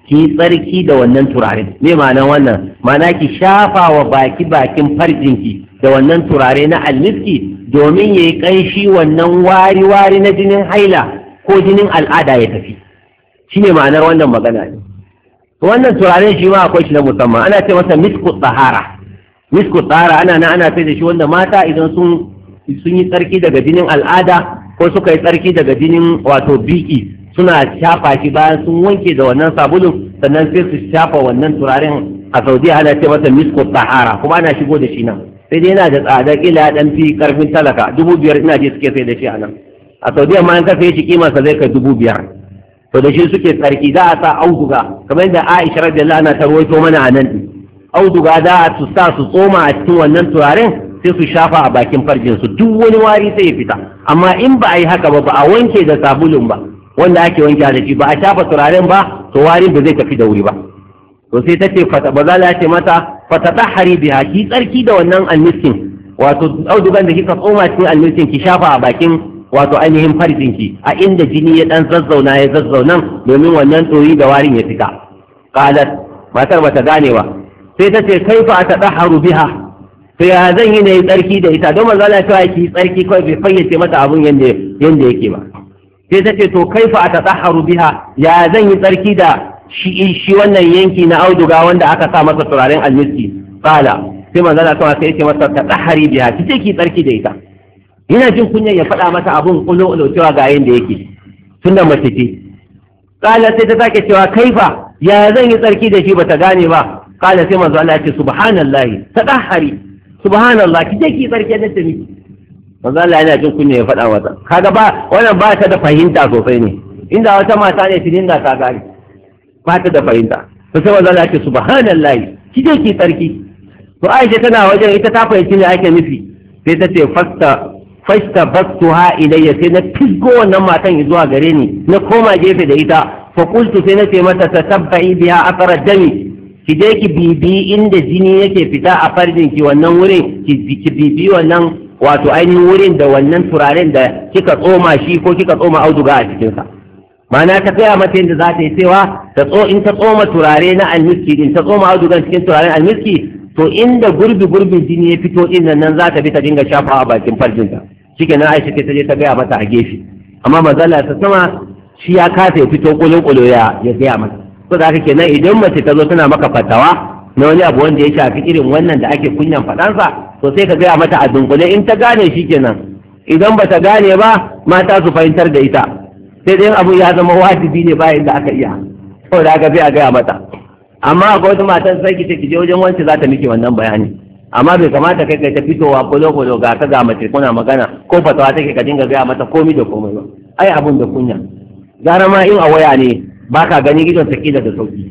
ki tsarki da wannan turaren me ma'anar wannan ma'ana ki shafa wa baki bakin ki, da wannan turare na almiski domin ya yi ƙanshi wannan wari-wari na jinin haila ko jinin al'ada ya tafi shi ne ma'anar wannan magana ne wannan turaren shi ma akwai shi na musamman ana ce masa misku tsahara misku tsahara ana na ana sai da shi wanda mata idan sun yi tsarki daga jinin al'ada ko suka yi tsarki daga jinin wato bi'i suna shafa shi bayan sun wanke da wannan sabulun sannan sai su shafa wannan turaren a saudiya ana ce mata misko tahara kuma ana shigo da shi nan sai dai yana da tsada kila dan fi karfin talaka dubu biyar ina je suke sai da shi a nan a saudiya ma an kafa shi zai kai dubu biyar to da shi suke tsarki za a sa auduga kamar yadda aisha radiyallahu anha ta rawaito mana a nan auduga za a su sa su tsoma a cikin wannan turaren sai su shafa a bakin farjin su duk wani wari sai ya fita amma in ba a yi haka ba ba a wanke da sabulun ba wanda ake wanke da shi ba a shafa turaren ba to warin ba zai tafi da wuri ba to sai tace fata ba za la ce mata fata tahari biha ki tsarki da wannan almiskin wato audugan da kika tsoma cikin almiskin ki shafa a bakin wato ainihin farjin ki a inda jini ya dan zazzauna ya zazzaunan domin wannan tsoyi da warin ya fita qalat matar bata gane ba sai tace kaifa atadaharu biha to ya zan yi na yi tsarki da ita don manzo Allah ta ki tsarki kawai bai fayyace mata abun yanda yanda yake ba sai ta ce to kaifa atatahharu biha ya zan yi tsarki da shi shi wannan yanki na auduga wanda aka sa masa turaren almiski qala sai manzo Allah ta sai ce masa ta biha kice ki tsarki da ita Ina jin kunya ya faɗa mata abun kullum a cewa ga yanda yake tunda mace ce qala sai ta sake cewa kaifa ya zan yi tsarki da shi bata gane ba qala sai manzo Allah ya ce subhanallahi tatahhari subhanallah ki je ki tsarki da tuni manzo Allah yana jin kunya ya faɗa mata kaga ba wannan ba ta da fahimta sosai ne inda wata mata ne shi da ta gari ba ta da fahimta to sai manzo Allah ya ce subhanallah ki je ki tsarki to Aisha tana wajen ita ta fahimci ne ake nufi sai ta ce fasta fasta bastuha ilayya sai na tigo wannan matan zuwa gare ni na koma gefe da ita fa qultu sai na ce mata tatabba'i biha athara dami ki je ki bibi inda jini yake fita a farjin ki wannan wurin ki bibi wannan wato ainihin wurin da wannan turaren da kika tsoma shi ko kika tsoma auduga a cikinsa Mana ta kaya mata yadda za ta yi cewa ta tso in ta tsoma turare na almiski in ta tsoma audugan cikin turaren almiski to inda gurbi gurbin jini ya fito din nan za ta bi ta dinga shafa a bakin farjinta Cikin nan Aisha ta je ta gaya mata a gefe amma mazala ta sama shi ya kasa ya fito kulun kulo ya gaya mata za da ke nan idan mace ta zo tana maka fatawa na wani abu wanda ya shafi irin wannan da ake kunyan faɗansa to sai ka gaya mata a dunkule in ta gane shi kenan idan ba ta gane ba mata su fahimtar da ita sai dai abu ya zama wajibi ne bayan da aka iya ko da aka bi a gaya mata amma akwai wata matan sai ki ce je wajen wance za ta miki wannan bayani amma bai kamata kai kai ta fitowa kolo kolo ga ka ga mace kuna magana ko fatawa take ka dinga gaya mata komai da komai ba ai abun da kunya gara ma in a waya ne ba ka gani gidan sa kila da sauki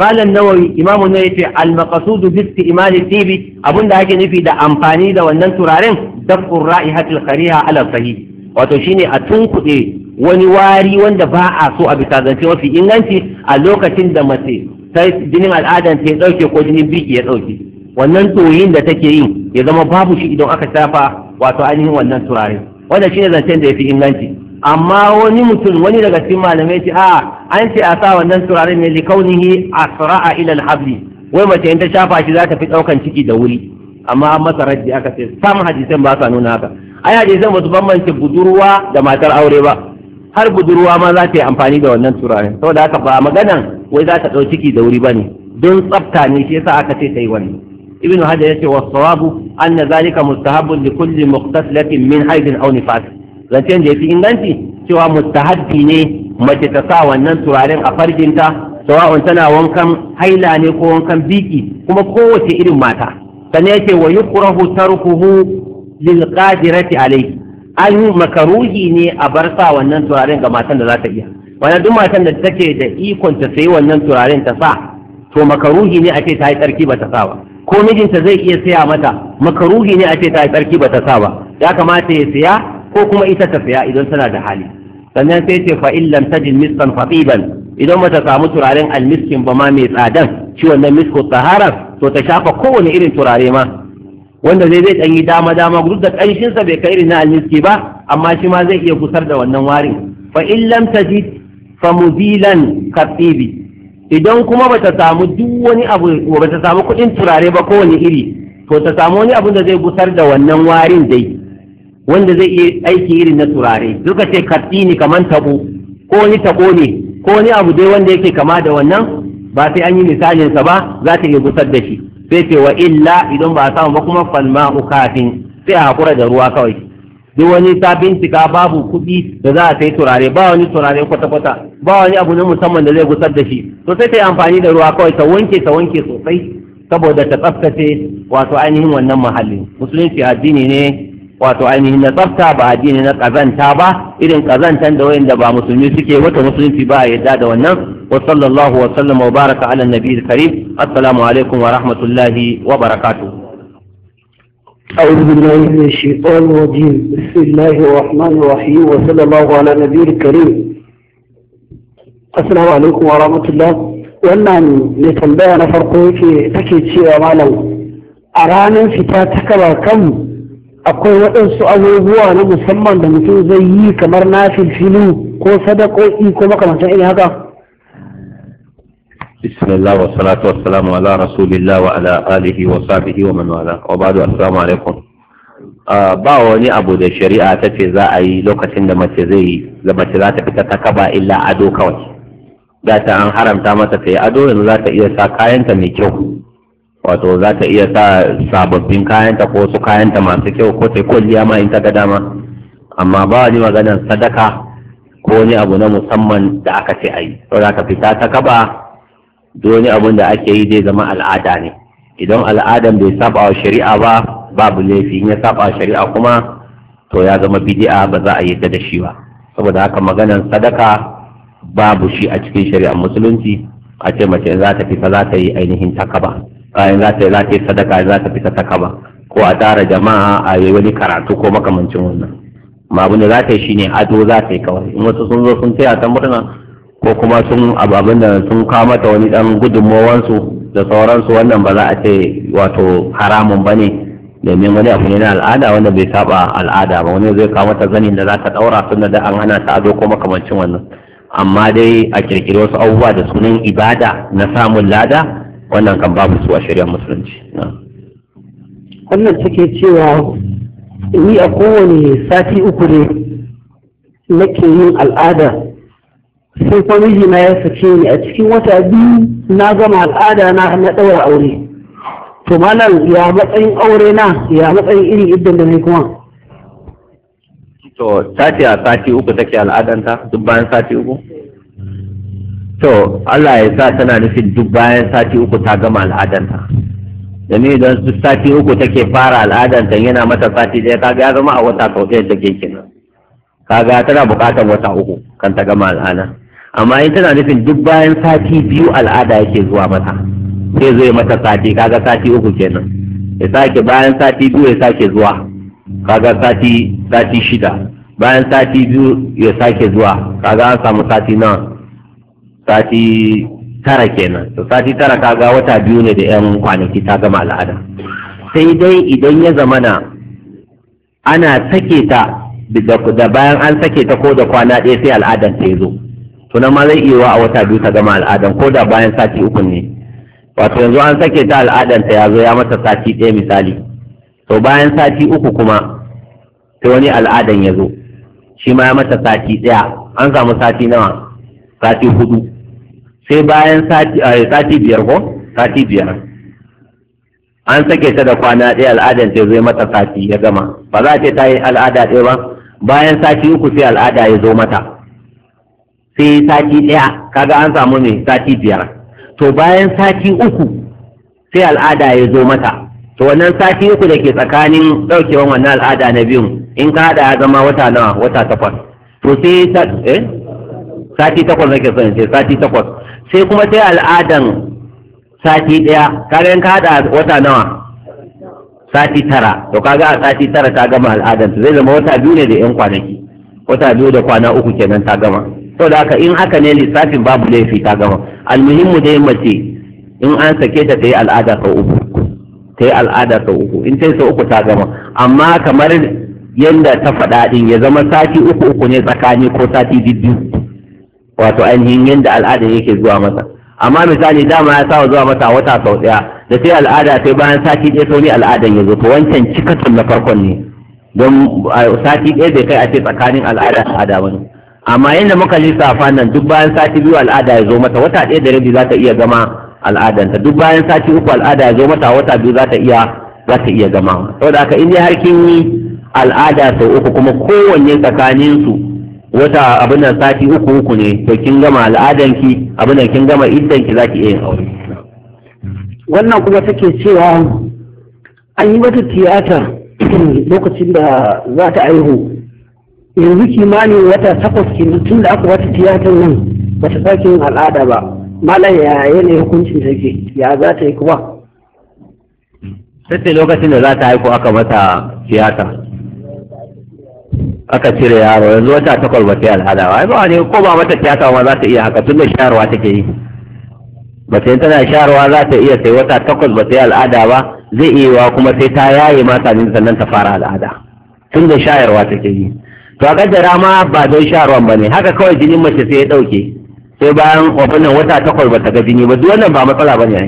قال النووي امام النووي المقصود باستعمال الطيب abinda ake nufi da amfani da wannan turaren dafur ra'ihatil khariha ala sahih wato shine a tunkuɗe wani wari wanda ba a so a bisa zance mafi inganci a lokacin da mace ta jinin al'adan ta ya ɗauke ko jinin biki ya ɗauke wannan toyin da take yi ya zama babu shi idan aka shafa wato ainihin wannan turare wanda shine zancen da ya fi inganci amma wani mutum wani daga cikin malamai ce a an ce a sa wannan turaren ne likaunihi asra'a ila alhabli wai mace in ta shafa shi za ta fi daukan ciki da wuri amma an masa raddi aka ce sam hadisan ba sa nuna haka ai hadisan ba su bambance budurwa da matar aure ba har budurwa ma za ta yi amfani da wannan turaren saboda haka ba maganan wai za ta dau ciki da wuri bane don tsafta ne shi yasa aka ce ta yi wannan ibnu hajar yace was sawabu anna zalika mustahabbun li kulli muqtasilatin min haidin aw nifas zancen da ya fi inganci cewa mustahabbi ne mace ta sa wannan turaren a farjinta sawa'un tana wankan haila ne ko wankan biki kuma kowace irin mata sannan yace wa yukrahu tarkuhu lil qadirati alayhi an makaruhi ne a bar sa wannan turaren ga matan da za ta iya wannan duk matan da take da ikon ta sayi wannan turaren ta sa to makaruhi ne a ce ta yi tsarki ba ta sa ba ko mijinta zai iya saya mata makaruhi ne a ce ta yi tsarki ba ta sa ba ya kamata ya saya ko kuma ita tafiya idan tana da hali sannan sai ce fa illam tajid miskan fatiban idan bata samu turaren almiskin ba ma mai tsadan shi wannan misko taharar to ta shafa kowane irin turare ma wanda zai zai ɗan dama dama duk da kanshin sa bai kai irin na almiski ba amma shi ma zai iya kusar da wannan warin fa in lam tajid fa mudilan katibi idan kuma bata samu duk wani abu bata samu kuɗin turare ba kowane iri to ta samu wani abu da zai gusar da wannan warin dai wanda zai iya aiki irin na turare duka ce ne kaman tabo ko ni tabo ne ko ni abu dai wanda yake kama da wannan ba sai an yi misalin ba za ta iya gusar da shi sai ce wa illa idan ba a samu ba kuma falma ukafin sai a hakura da ruwa kawai duk wani ta bincika babu kuɗi da za a sai turare ba wani turare kwata-kwata ba wani abu na musamman da zai gusar da shi to sai ta yi amfani da ruwa kawai ta wanke ta wanke sosai saboda ta tsaftace wato ainihin wannan muhallin musulunci addini ne wato ainihin na tsafta ba addini na kazanta ba irin kazantan da wayanda ba musulmi suke wata musulunci ba a yadda da wannan wa sallallahu wa sallama wa baraka ala nabi karim assalamu alaikum wa rahmatullahi wa barakatuh أعوذ بالله من الشيطان الرجيم بسم الله الرحمن الرحيم وصلى الله على نبي الكريم السلام عليكم ورحمة الله wannan mai tambaya na farko yake take cewa malam a ranar fita ta kaba akwai waɗansu abubuwa na musamman da mutum zai yi kamar na filfilu ko sadakoki ko makamantan irin haka بسم الله والصلاة wa على رسول الله وعلى wa وصحبه ومن والاه وبعد السلام عليكم ba wani abu da shari'a ta ce za a yi lokacin da mace zai da mace za ta fita ta kaba illa ado kawai da ta an haramta mata ta yi ado yanzu za ta iya sa kayanta mai kyau wato za ka iya sa sababbin kayanta ko su kayanta masu kyau ko ta kwalliya ma in ta ga dama amma ba wani maganar sadaka ko wani abu na musamman da aka ce a yi to za ka fita ta kaba wani abun da ake yi zai zama al'ada ne idan al'adan bai saba wa shari'a ba babu laifi in ya saba wa shari'a kuma to ya zama bidi'a ba za a yadda da shi ba saboda haka maganar sadaka babu shi a cikin shari'ar musulunci a ce mace za ta fita za ta yi ainihin takaba. za ta za ta sadaka za ta fita ta kaba ko a tara jama'a a yi wani karatu ko makamancin wannan ma abin da za ta yi shine ado za ta yi kawai in wasu sun zo sun ce a ta murna ko kuma sun ababin da sun kawo mata wani dan gudunmawansu da sauransu wannan ba za a ce wato haramun ba ne domin wani abu ne na al'ada wanda bai saba al'ada ba wani zai kawo mata zanin da za ta daura sun da an hana ta ado ko makamancin wannan amma dai a kirkiri wasu abubuwa da sunan ibada na samun lada wannan kan babu su a shari'ar musulunci wannan suke cewa ni a kowane sati uku ne nake yin al'ada sai kuma na ya sace ni a cikin wata biyu na gama al'ada na na ɗaura aure to malam ya matsayin aure na ya matsayin iri idan da ne kuma to sati a sati uku take al'adanta duk bayan sati uku to Allah ya sa tana nufin duk bayan sati uku ta gama al'adanta domin idan su sati uku take fara al'adanta yana mata sati ɗaya kaga ya zama a wata sau ɗaya take kenan kaga tana buƙatar wata uku kan ta gama al'ada amma in tana nufin duk bayan sati biyu al'ada yake zuwa mata sai zai mata sati kaga sati uku kenan ya sake bayan sati biyu ya sake zuwa kaga sati sati shida bayan sati biyu ya sake zuwa kaga an samu sati nawa sati tara kenan to sati tara ga wata biyu ne da yan kwanaki ta gama al'ada sai dai idan ya zamana ana sake ta da bayan an sake ta ko da kwana ɗaya sai al'adan ta zo to nan ma zai iya wa a wata biyu ta gama al'adan ko da bayan sati uku ne wato yanzu an sake ta al'adan ta ya zo ya mata sati ɗaya misali to bayan sati uku kuma sai wani al'adan ya zo shi ma ya mata sati ɗaya an samu sati nawa sati hudu sai bayan eh, sati biyar ko sati biyar an sake ta da kwana ɗaya al'adan ta zai mata sati ya gama ba za ce ta yi al'ada ɗaya ba bayan sati uku sai al'ada ya zo mata sai sati ɗaya kaga an samu ne sati biyar to bayan sati uku sai al'ada ya zo mata to wannan sati uku da ke tsakanin ɗaukewan wannan al'ada na biyun in ka haɗa ya zama wata nawa wata takwas to sai eh sati takwas nake son ce sati takwas sai kuma sai al'adan sati ɗaya kaga in ka haɗa wata nawa sati tara to kaga a sati tara ta gama al'adan zai zama wata biyu ne da yan kwanaki wata biyu da kwana uku kenan ta gama saboda haka in haka ne lissafin babu laifi ta gama almuhimmu dai mace in an sake ta ta yi al'ada sau uku ta yi al'ada sau uku in ta yi sau uku ta gama amma kamar yadda ta faɗa ɗin ya zama sati uku uku ne tsakani ko sati biyu wato ainihin yadda al'ada yake zuwa masa amma misali dama ya sa zuwa masa wata sau ɗaya da sai al'ada sai bayan sati ɗaya sau ne al'adan ya zo to wancan cikatun na farkon ne don sati ɗaya bai kai a ce tsakanin al'ada da al'ada ba amma yadda muka lissafa nan duk bayan sati biyu al'ada ya zo mata wata ɗaya da rabi za ta iya gama al'adanta duk bayan sati uku al'ada ya zo mata wata biyu za ta iya za ta iya gama saboda haka in har kin yi al'ada sau uku kuma kowanne tsakaninsu wata abin nan sati uku uku ne to kin gama al'adanki abin nan kin gama iddanki za ki iya yin aure wannan kuma take cewa an yi wata tiyata [clears throat] lokacin da za ta aihu yanzu kimanin wata takwas ke mutum da aka wata tiyatar nan ba ta sake yin al'ada ba mala ya yanayin hukuncin take ya za ta yi kuma sai lokacin da za ta haihu aka mata tiyata aka cire yaro yanzu wata takwas ba ta yi al'ada ba ba ne ko ba mata tiyata ma za ta iya haka tun da shayarwa take yi ba sai tana shayarwa za ta iya sai wata takwas ba ta yi al'ada ba zai iya wa kuma sai ta yaye mata ne sannan ta fara al'ada tun da shayarwa take yi to a kaddara ma ba don shayarwan ba ne haka kawai jinin mace sai ya ɗauke sai bayan wannan wata takwas ba ta ga jini ba duk wannan ba matsala ba ne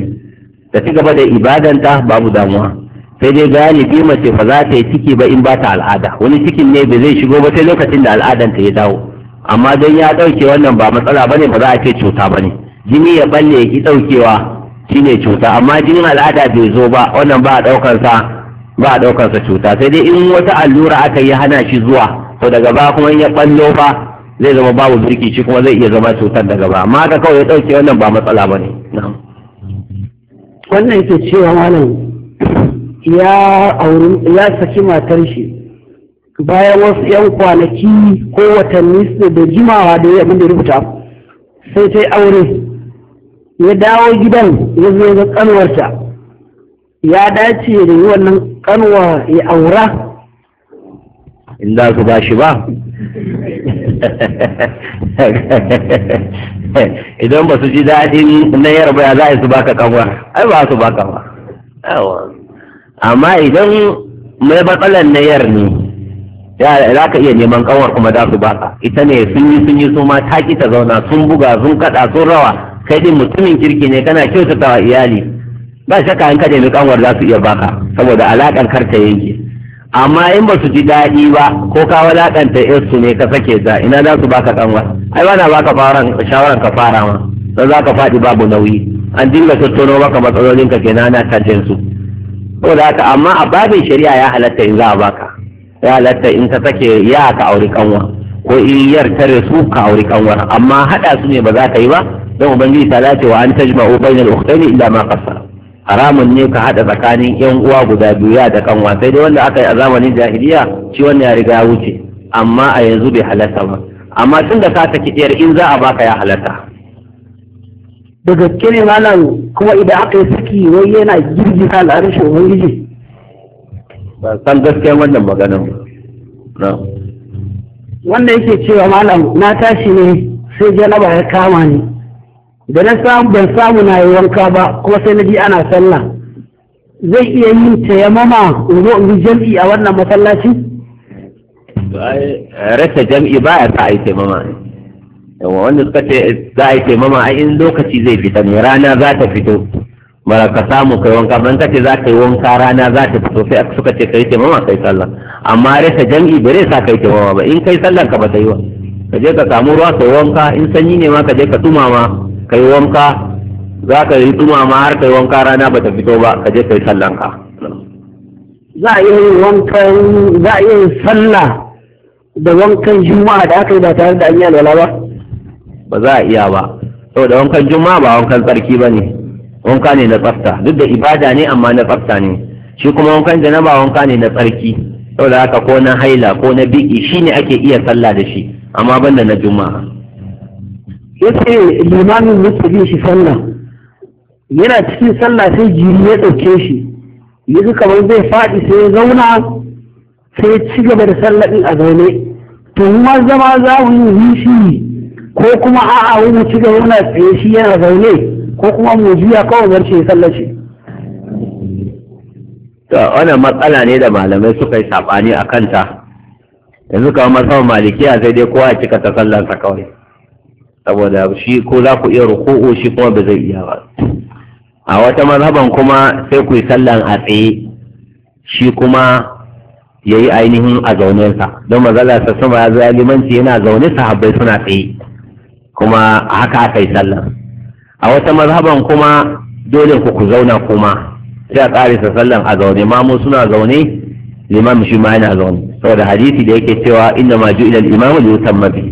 ta ci gaba da ibadanta babu damuwa sai dai galibi mace ba za ta yi ciki ba in ba ta al'ada wani cikin ne bai zai shigo ba sai lokacin da al'adan ta ya dawo amma don ya ɗauke wannan ba matsala bane ba za a ce cuta bane jini ya balle ya ki ɗaukewa shine cuta amma jinin al'ada bai zo ba wannan ba a ɗaukar sa ba a ɗaukar sa cuta sai dai in wata allura aka yi hana shi zuwa ko daga ba kuma in ya ballo ba zai zama babu birki shi kuma zai iya zama cutar daga ba amma haka kawai ya ɗauke wannan ba matsala bane wannan ke cewa malam ya saki matar shi bayan wasu yan kwanaki ko watanni su da jimawa da ya abin da rubuta sai sai aure ya dawo gidan ya zo ga kanwarta ya dace da yi wannan kanwa ya aura in za su ba shi ba idan ba su ji daɗin na yarba ya za a su baka kanwa ai ba su baka ba amma idan mai matsalar na yar ne za ka iya neman kawar kuma za su baka ita ne sun yi sun yi su ma ta ta zauna sun buga sun kada sun rawa kai din mutumin kirki ne kana kyautata wa iyali ba shakka an ka mai kanwar za su iya baka saboda alaƙar karta yanke amma in ba su ji daɗi ba ko ka walakanta su ne ka sake ta ina za su baka kanwa ai na baka faran shawaran ka fara ma don za ka faɗi babu nauyi an dinga tattauno maka matsalolinka kenan na tajin su Ko da haka amma a babin shari'a ya halatta in za a baka ya halatta in ta sake ya ka auri kanwa ko in yar ta rasu ka auri kanwa amma hada su ne ba za ka yi ba don ubangiji ta dace wa an tajma'u al ukhtaini illa ma qassara haramun ne ka hada tsakanin yan uwa guda biyu ya da kanwa sai dai wanda aka yi a zamanin jahiliya shi wannan ya riga ya wuce amma a yanzu bai halatta ba amma tun da ka saki in za a baka ya halatta da gaske ne malam kuma idan aka yi saki wai yana shi wani gije ba san gaskiya wannan maganan ba wanda yake cewa malam na tashi ne sai janaba ya kama ni da na samu ban samu na yi wanka ba kuma sai na ji ana sallah zai iya yin ya in zo in jam'i a wannan masallaci rasa jam'i ba ya sa a yi tayammama yawa wanda suka ce za a yi taimama a in lokaci zai fita ne rana za ta fito mara ka samu kai wanka ban ka ce za ka yi wanka rana za ta fito sai suka ce kai taimama kai sallah amma rasa jan ba zai sa kai taimama ba in kai sallah ka ba ta yi wa ka je ka samu ruwa kai wanka in sanyi ne ma ka je ka ma kai wanka za ka yi ma har kai wanka rana ba ta fito ba ka je kai sallah ka za a yi wankan za a yi sallah da wankan juma'a da aka yi ba tare da an yi alwala ba ba za a iya ba saboda wankan juma'a ba wankan tsarki ba ne wanka ne na tsafta duk da ibada ne amma na tsafta ne shi kuma wankan ba wanka ne na tsarki saboda haka ko na haila ko na biki shine ake iya sallah da shi amma banda na juma'a yace limamin shi sallah yana cikin sallah sai jiri ya dauke shi yanzu kamar zai faɗi sai ya zauna sai ci gaba da sallah a zaune to ma zama za mu yi shi ko kuma a'a wani mu ci gaba tsaye shi yana zaune ko kuma mu juya kawai barci ya sallace to Wani matsala ne da malamai suka yi sabani a kanta yanzu kawai masaman malikiya sai dai kowa ya cika ta sallansa kawai saboda shi ko za ku iya ruku'u shi kuma ba zai iya ba a wata mazhaban kuma sai ku yi sallan a tsaye shi kuma ya yi ainihin a zaunensa don mazala sassama ya zo ya limanci yana zaune sahabbai suna tsaye kuma haka aka yi sallar a wata mazhaban kuma dole ku ku zauna kuma sai a ƙarisa sallan a zaune mamu suna zaune limam shi ma yana zaune saboda hadisi da yake cewa inna ma ju'ila al-imam li yutamma bi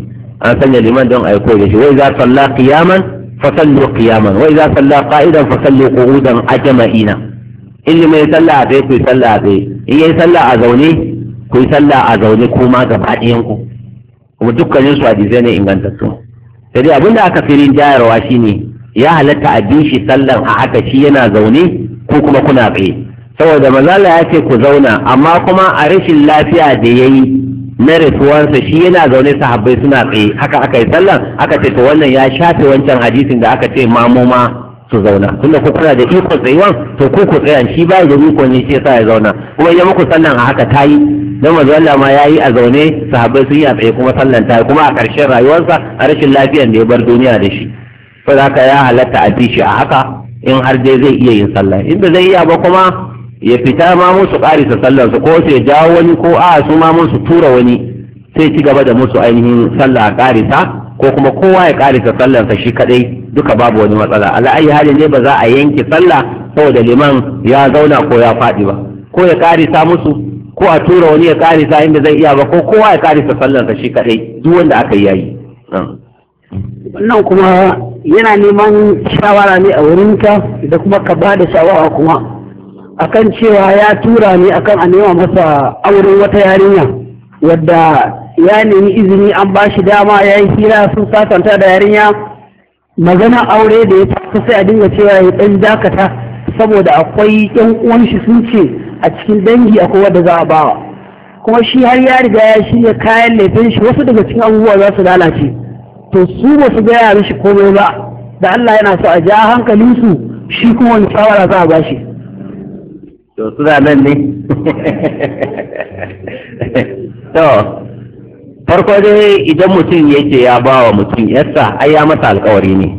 an sanya liman don aiko da shi wai za salla qiyaman fa sallu qiyaman wai za salla qa'idan fa sallu qu'udan ajma'ina in limai salla a tsaye ku yi salla a tsaye in yayi salla a zaune ku yi salla a zaune kuma gaba ɗayan ku kuma dukkanin su hadisai ne ingantattu sai abin da aka firin jayarwa shine ya halatta a bi shi sallan a haka shi yana zaune ko kuma kuna tsaye saboda mazala ya ce ku zauna amma kuma a rashin lafiya da ya yi na rasuwansa shi yana zaune sahabbai suna tsaye haka aka yi sallan aka ce to wannan ya shafe wancan hadisin da aka ce mamoma su zauna tunda ku kuna da iko tsayuwan to ku ku shi ba da ikon ne shi yasa ya zauna kuma ya muku sallan a haka ta yi dan manzo Allah ma yayi a zaune sahabbai sun yi a tsaye kuma sallan ta kuma a ƙarshen rayuwarsa a rashin lafiyar da ya bar duniya da shi za ka ya halatta a shi a haka in har dai zai iya yin sallah in zai iya ba kuma ya fita ma musu ƙarisa sallar su ko ya jawo wani ko a su ma musu tura wani sai ci gaba da musu ainihin sallah a ƙarisa ko kuma kowa ya ƙarisa sallarsa shi kadai duka babu wani matsala ala ayi halin ne ba za a yanke sallah saboda liman ya zauna ko ya faɗi ba ko ya ƙarisa musu ko a tura wani ya karisa inda zai iya ba ko kowa ya karisa sa shi kadai duk wanda aka yayi wannan kuma yana neman shawara ne a wurin ka da kuma ka ba da shawara kuma akan cewa ya tura ne akan a nema masa auren wata yarinya wadda ya nemi izini an ba shi dama ya yi hira sun sasanta da yarinya magana aure da ya tafi sai a dinga cewa ya ɗan dakata saboda akwai 'yan uwan shi sun ce a cikin dangi akwai wanda za a bawa kuma shi har ya riga ya shirya kayan laifin shi wasu daga cikin abubuwa za su lalace to su ba su gaya mishi komai ba da Allah yana so a ja hankalin su shi kuma wani tsawara za a shi to suna nan ne to farko dai idan mutum yake ya bawa mutum yarsa ai ya masa alkawari ne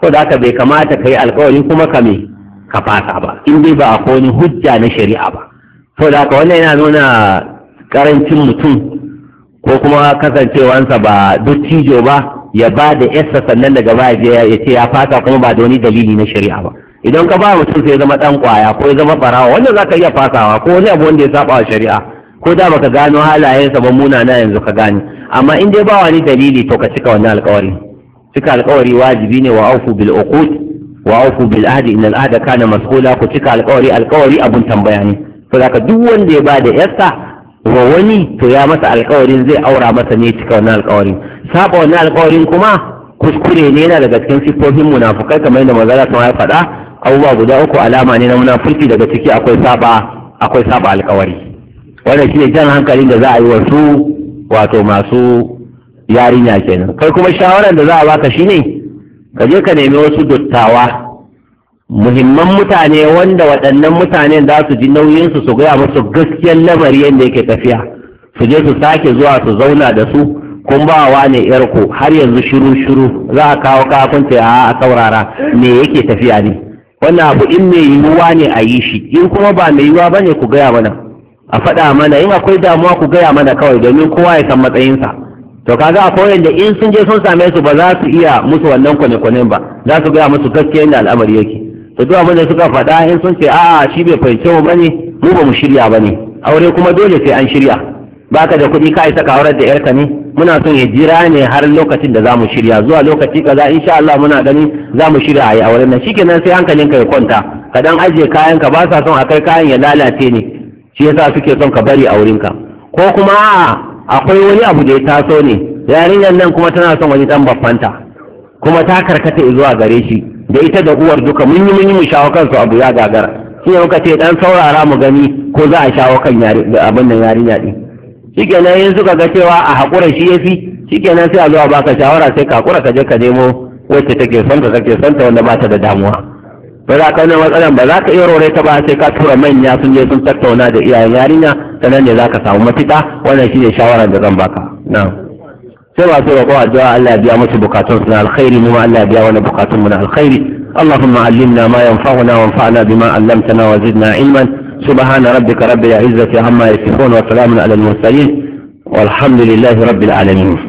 ko da haka bai kamata ka yi alkawari kuma ka me ka fasa ba in dai ba akwai wani hujja na shari'a ba to da haka wannan yana nuna karancin mutum ko kuma kasancewansa ba dottijo ba ya ba da yasa sannan daga baya ya ce ya fasa kuma ba da wani dalili na shari'a ba idan ka ba mutum sai ya zama dan kwaya ko ya zama barawa wanda za ka iya fasawa ko wani abu wanda ya saba wa shari'a ko da baka gano halayensa ba muna na yanzu ka gane amma in dai ba wani dalili to ka cika wannan alkawari cika alkawari wajibi ne wa aufu bil uqud wa auku bil ahdi inna al ahda kana mas'ula ku cika alƙawari alƙawari abun tambaya ne to zaka duk wanda ya ba da yarsa wa wani to ya masa alƙawarin zai aura masa ne cika wannan alƙawarin saba wannan alƙawarin kuma kuskure ne yana daga cikin siffofin munafukai kamar yadda manzala sun ya faɗa abubuwa guda uku alama ne na munafurci daga ciki akwai saba akwai saba alƙawari wannan shine jan hankalin da za a yi wa su wato masu yarinya kenan kai kuma shawaran da za a baka shine ka je ka nemi wasu dattawa, muhimman mutane wanda waɗannan mutane za su ji nauyinsu su gaya musu gaskiyar lamari yadda yake tafiya su je su sake zuwa su zauna da su kun ba wa ne ko har yanzu shiru shiru za a kawo kafinta ta a saurara me yake tafiya ne wannan abu in mai yiwuwa ne a yi shi in kuma ba mai yiwuwa ba ne ku gaya mana a faɗa mana in akwai damuwa ku gaya mana kawai domin kowa ya san matsayinsa to kaga koyar da in sun je sun same su ba za su iya musu wannan kwane kwane ba za su gaya musu gaskiyar da al'amari yake to duk abin da suka faɗa in sun ce a'a shi bai fahimci mu bane mu ba mu shirya bane aure kuma dole sai an shirya baka da kuɗi ka isa ka aurar da yarka ne muna son ya jira ne har lokacin da za mu shirya zuwa lokaci kaza insha Allah muna gani za mu shirya a yi auren nan shikenan sai hankalinka ya kwanta ka dan ajiye kayan ka ba sa son a kai kayan ya lalace ne shi yasa suke son ka bari wurinka. ko kuma a'a akwai wani abu da ya taso ne yarinyar nan kuma tana son wani dan babbanta kuma ta karkata zuwa gare shi da ita da uwar duka mun yi mun yi mu shawo kansu abu ya gagara shi ne muka ce dan saurara mu gani ko za a shawo kan abin nan yarinya din shikenan yin suka ga cewa a hakura shi yafi shikenan sai a zo a baka shawara sai ka hakura ka je ka nemo wacce take son ta take son ta wanda ba ta da damuwa ba za ka wannan matsalan ba za ka iya rore ta ba sai ka tura manya sun je sun tattauna da iyayen yarinya ta nan ne za ka samu mafita wannan shi ne shawarar da zan baka na sai masu roƙo addu'a Allah ya biya musu bukatun na alkhairi mu Allah ya biya wani bukatun mu na alkhairi اللهم علمنا ما ينفعنا وانفعنا بما علمتنا وزدنا علما سبحان ربك رب العزة عما يصفون وسلام على المرسلين والحمد لله رب العالمين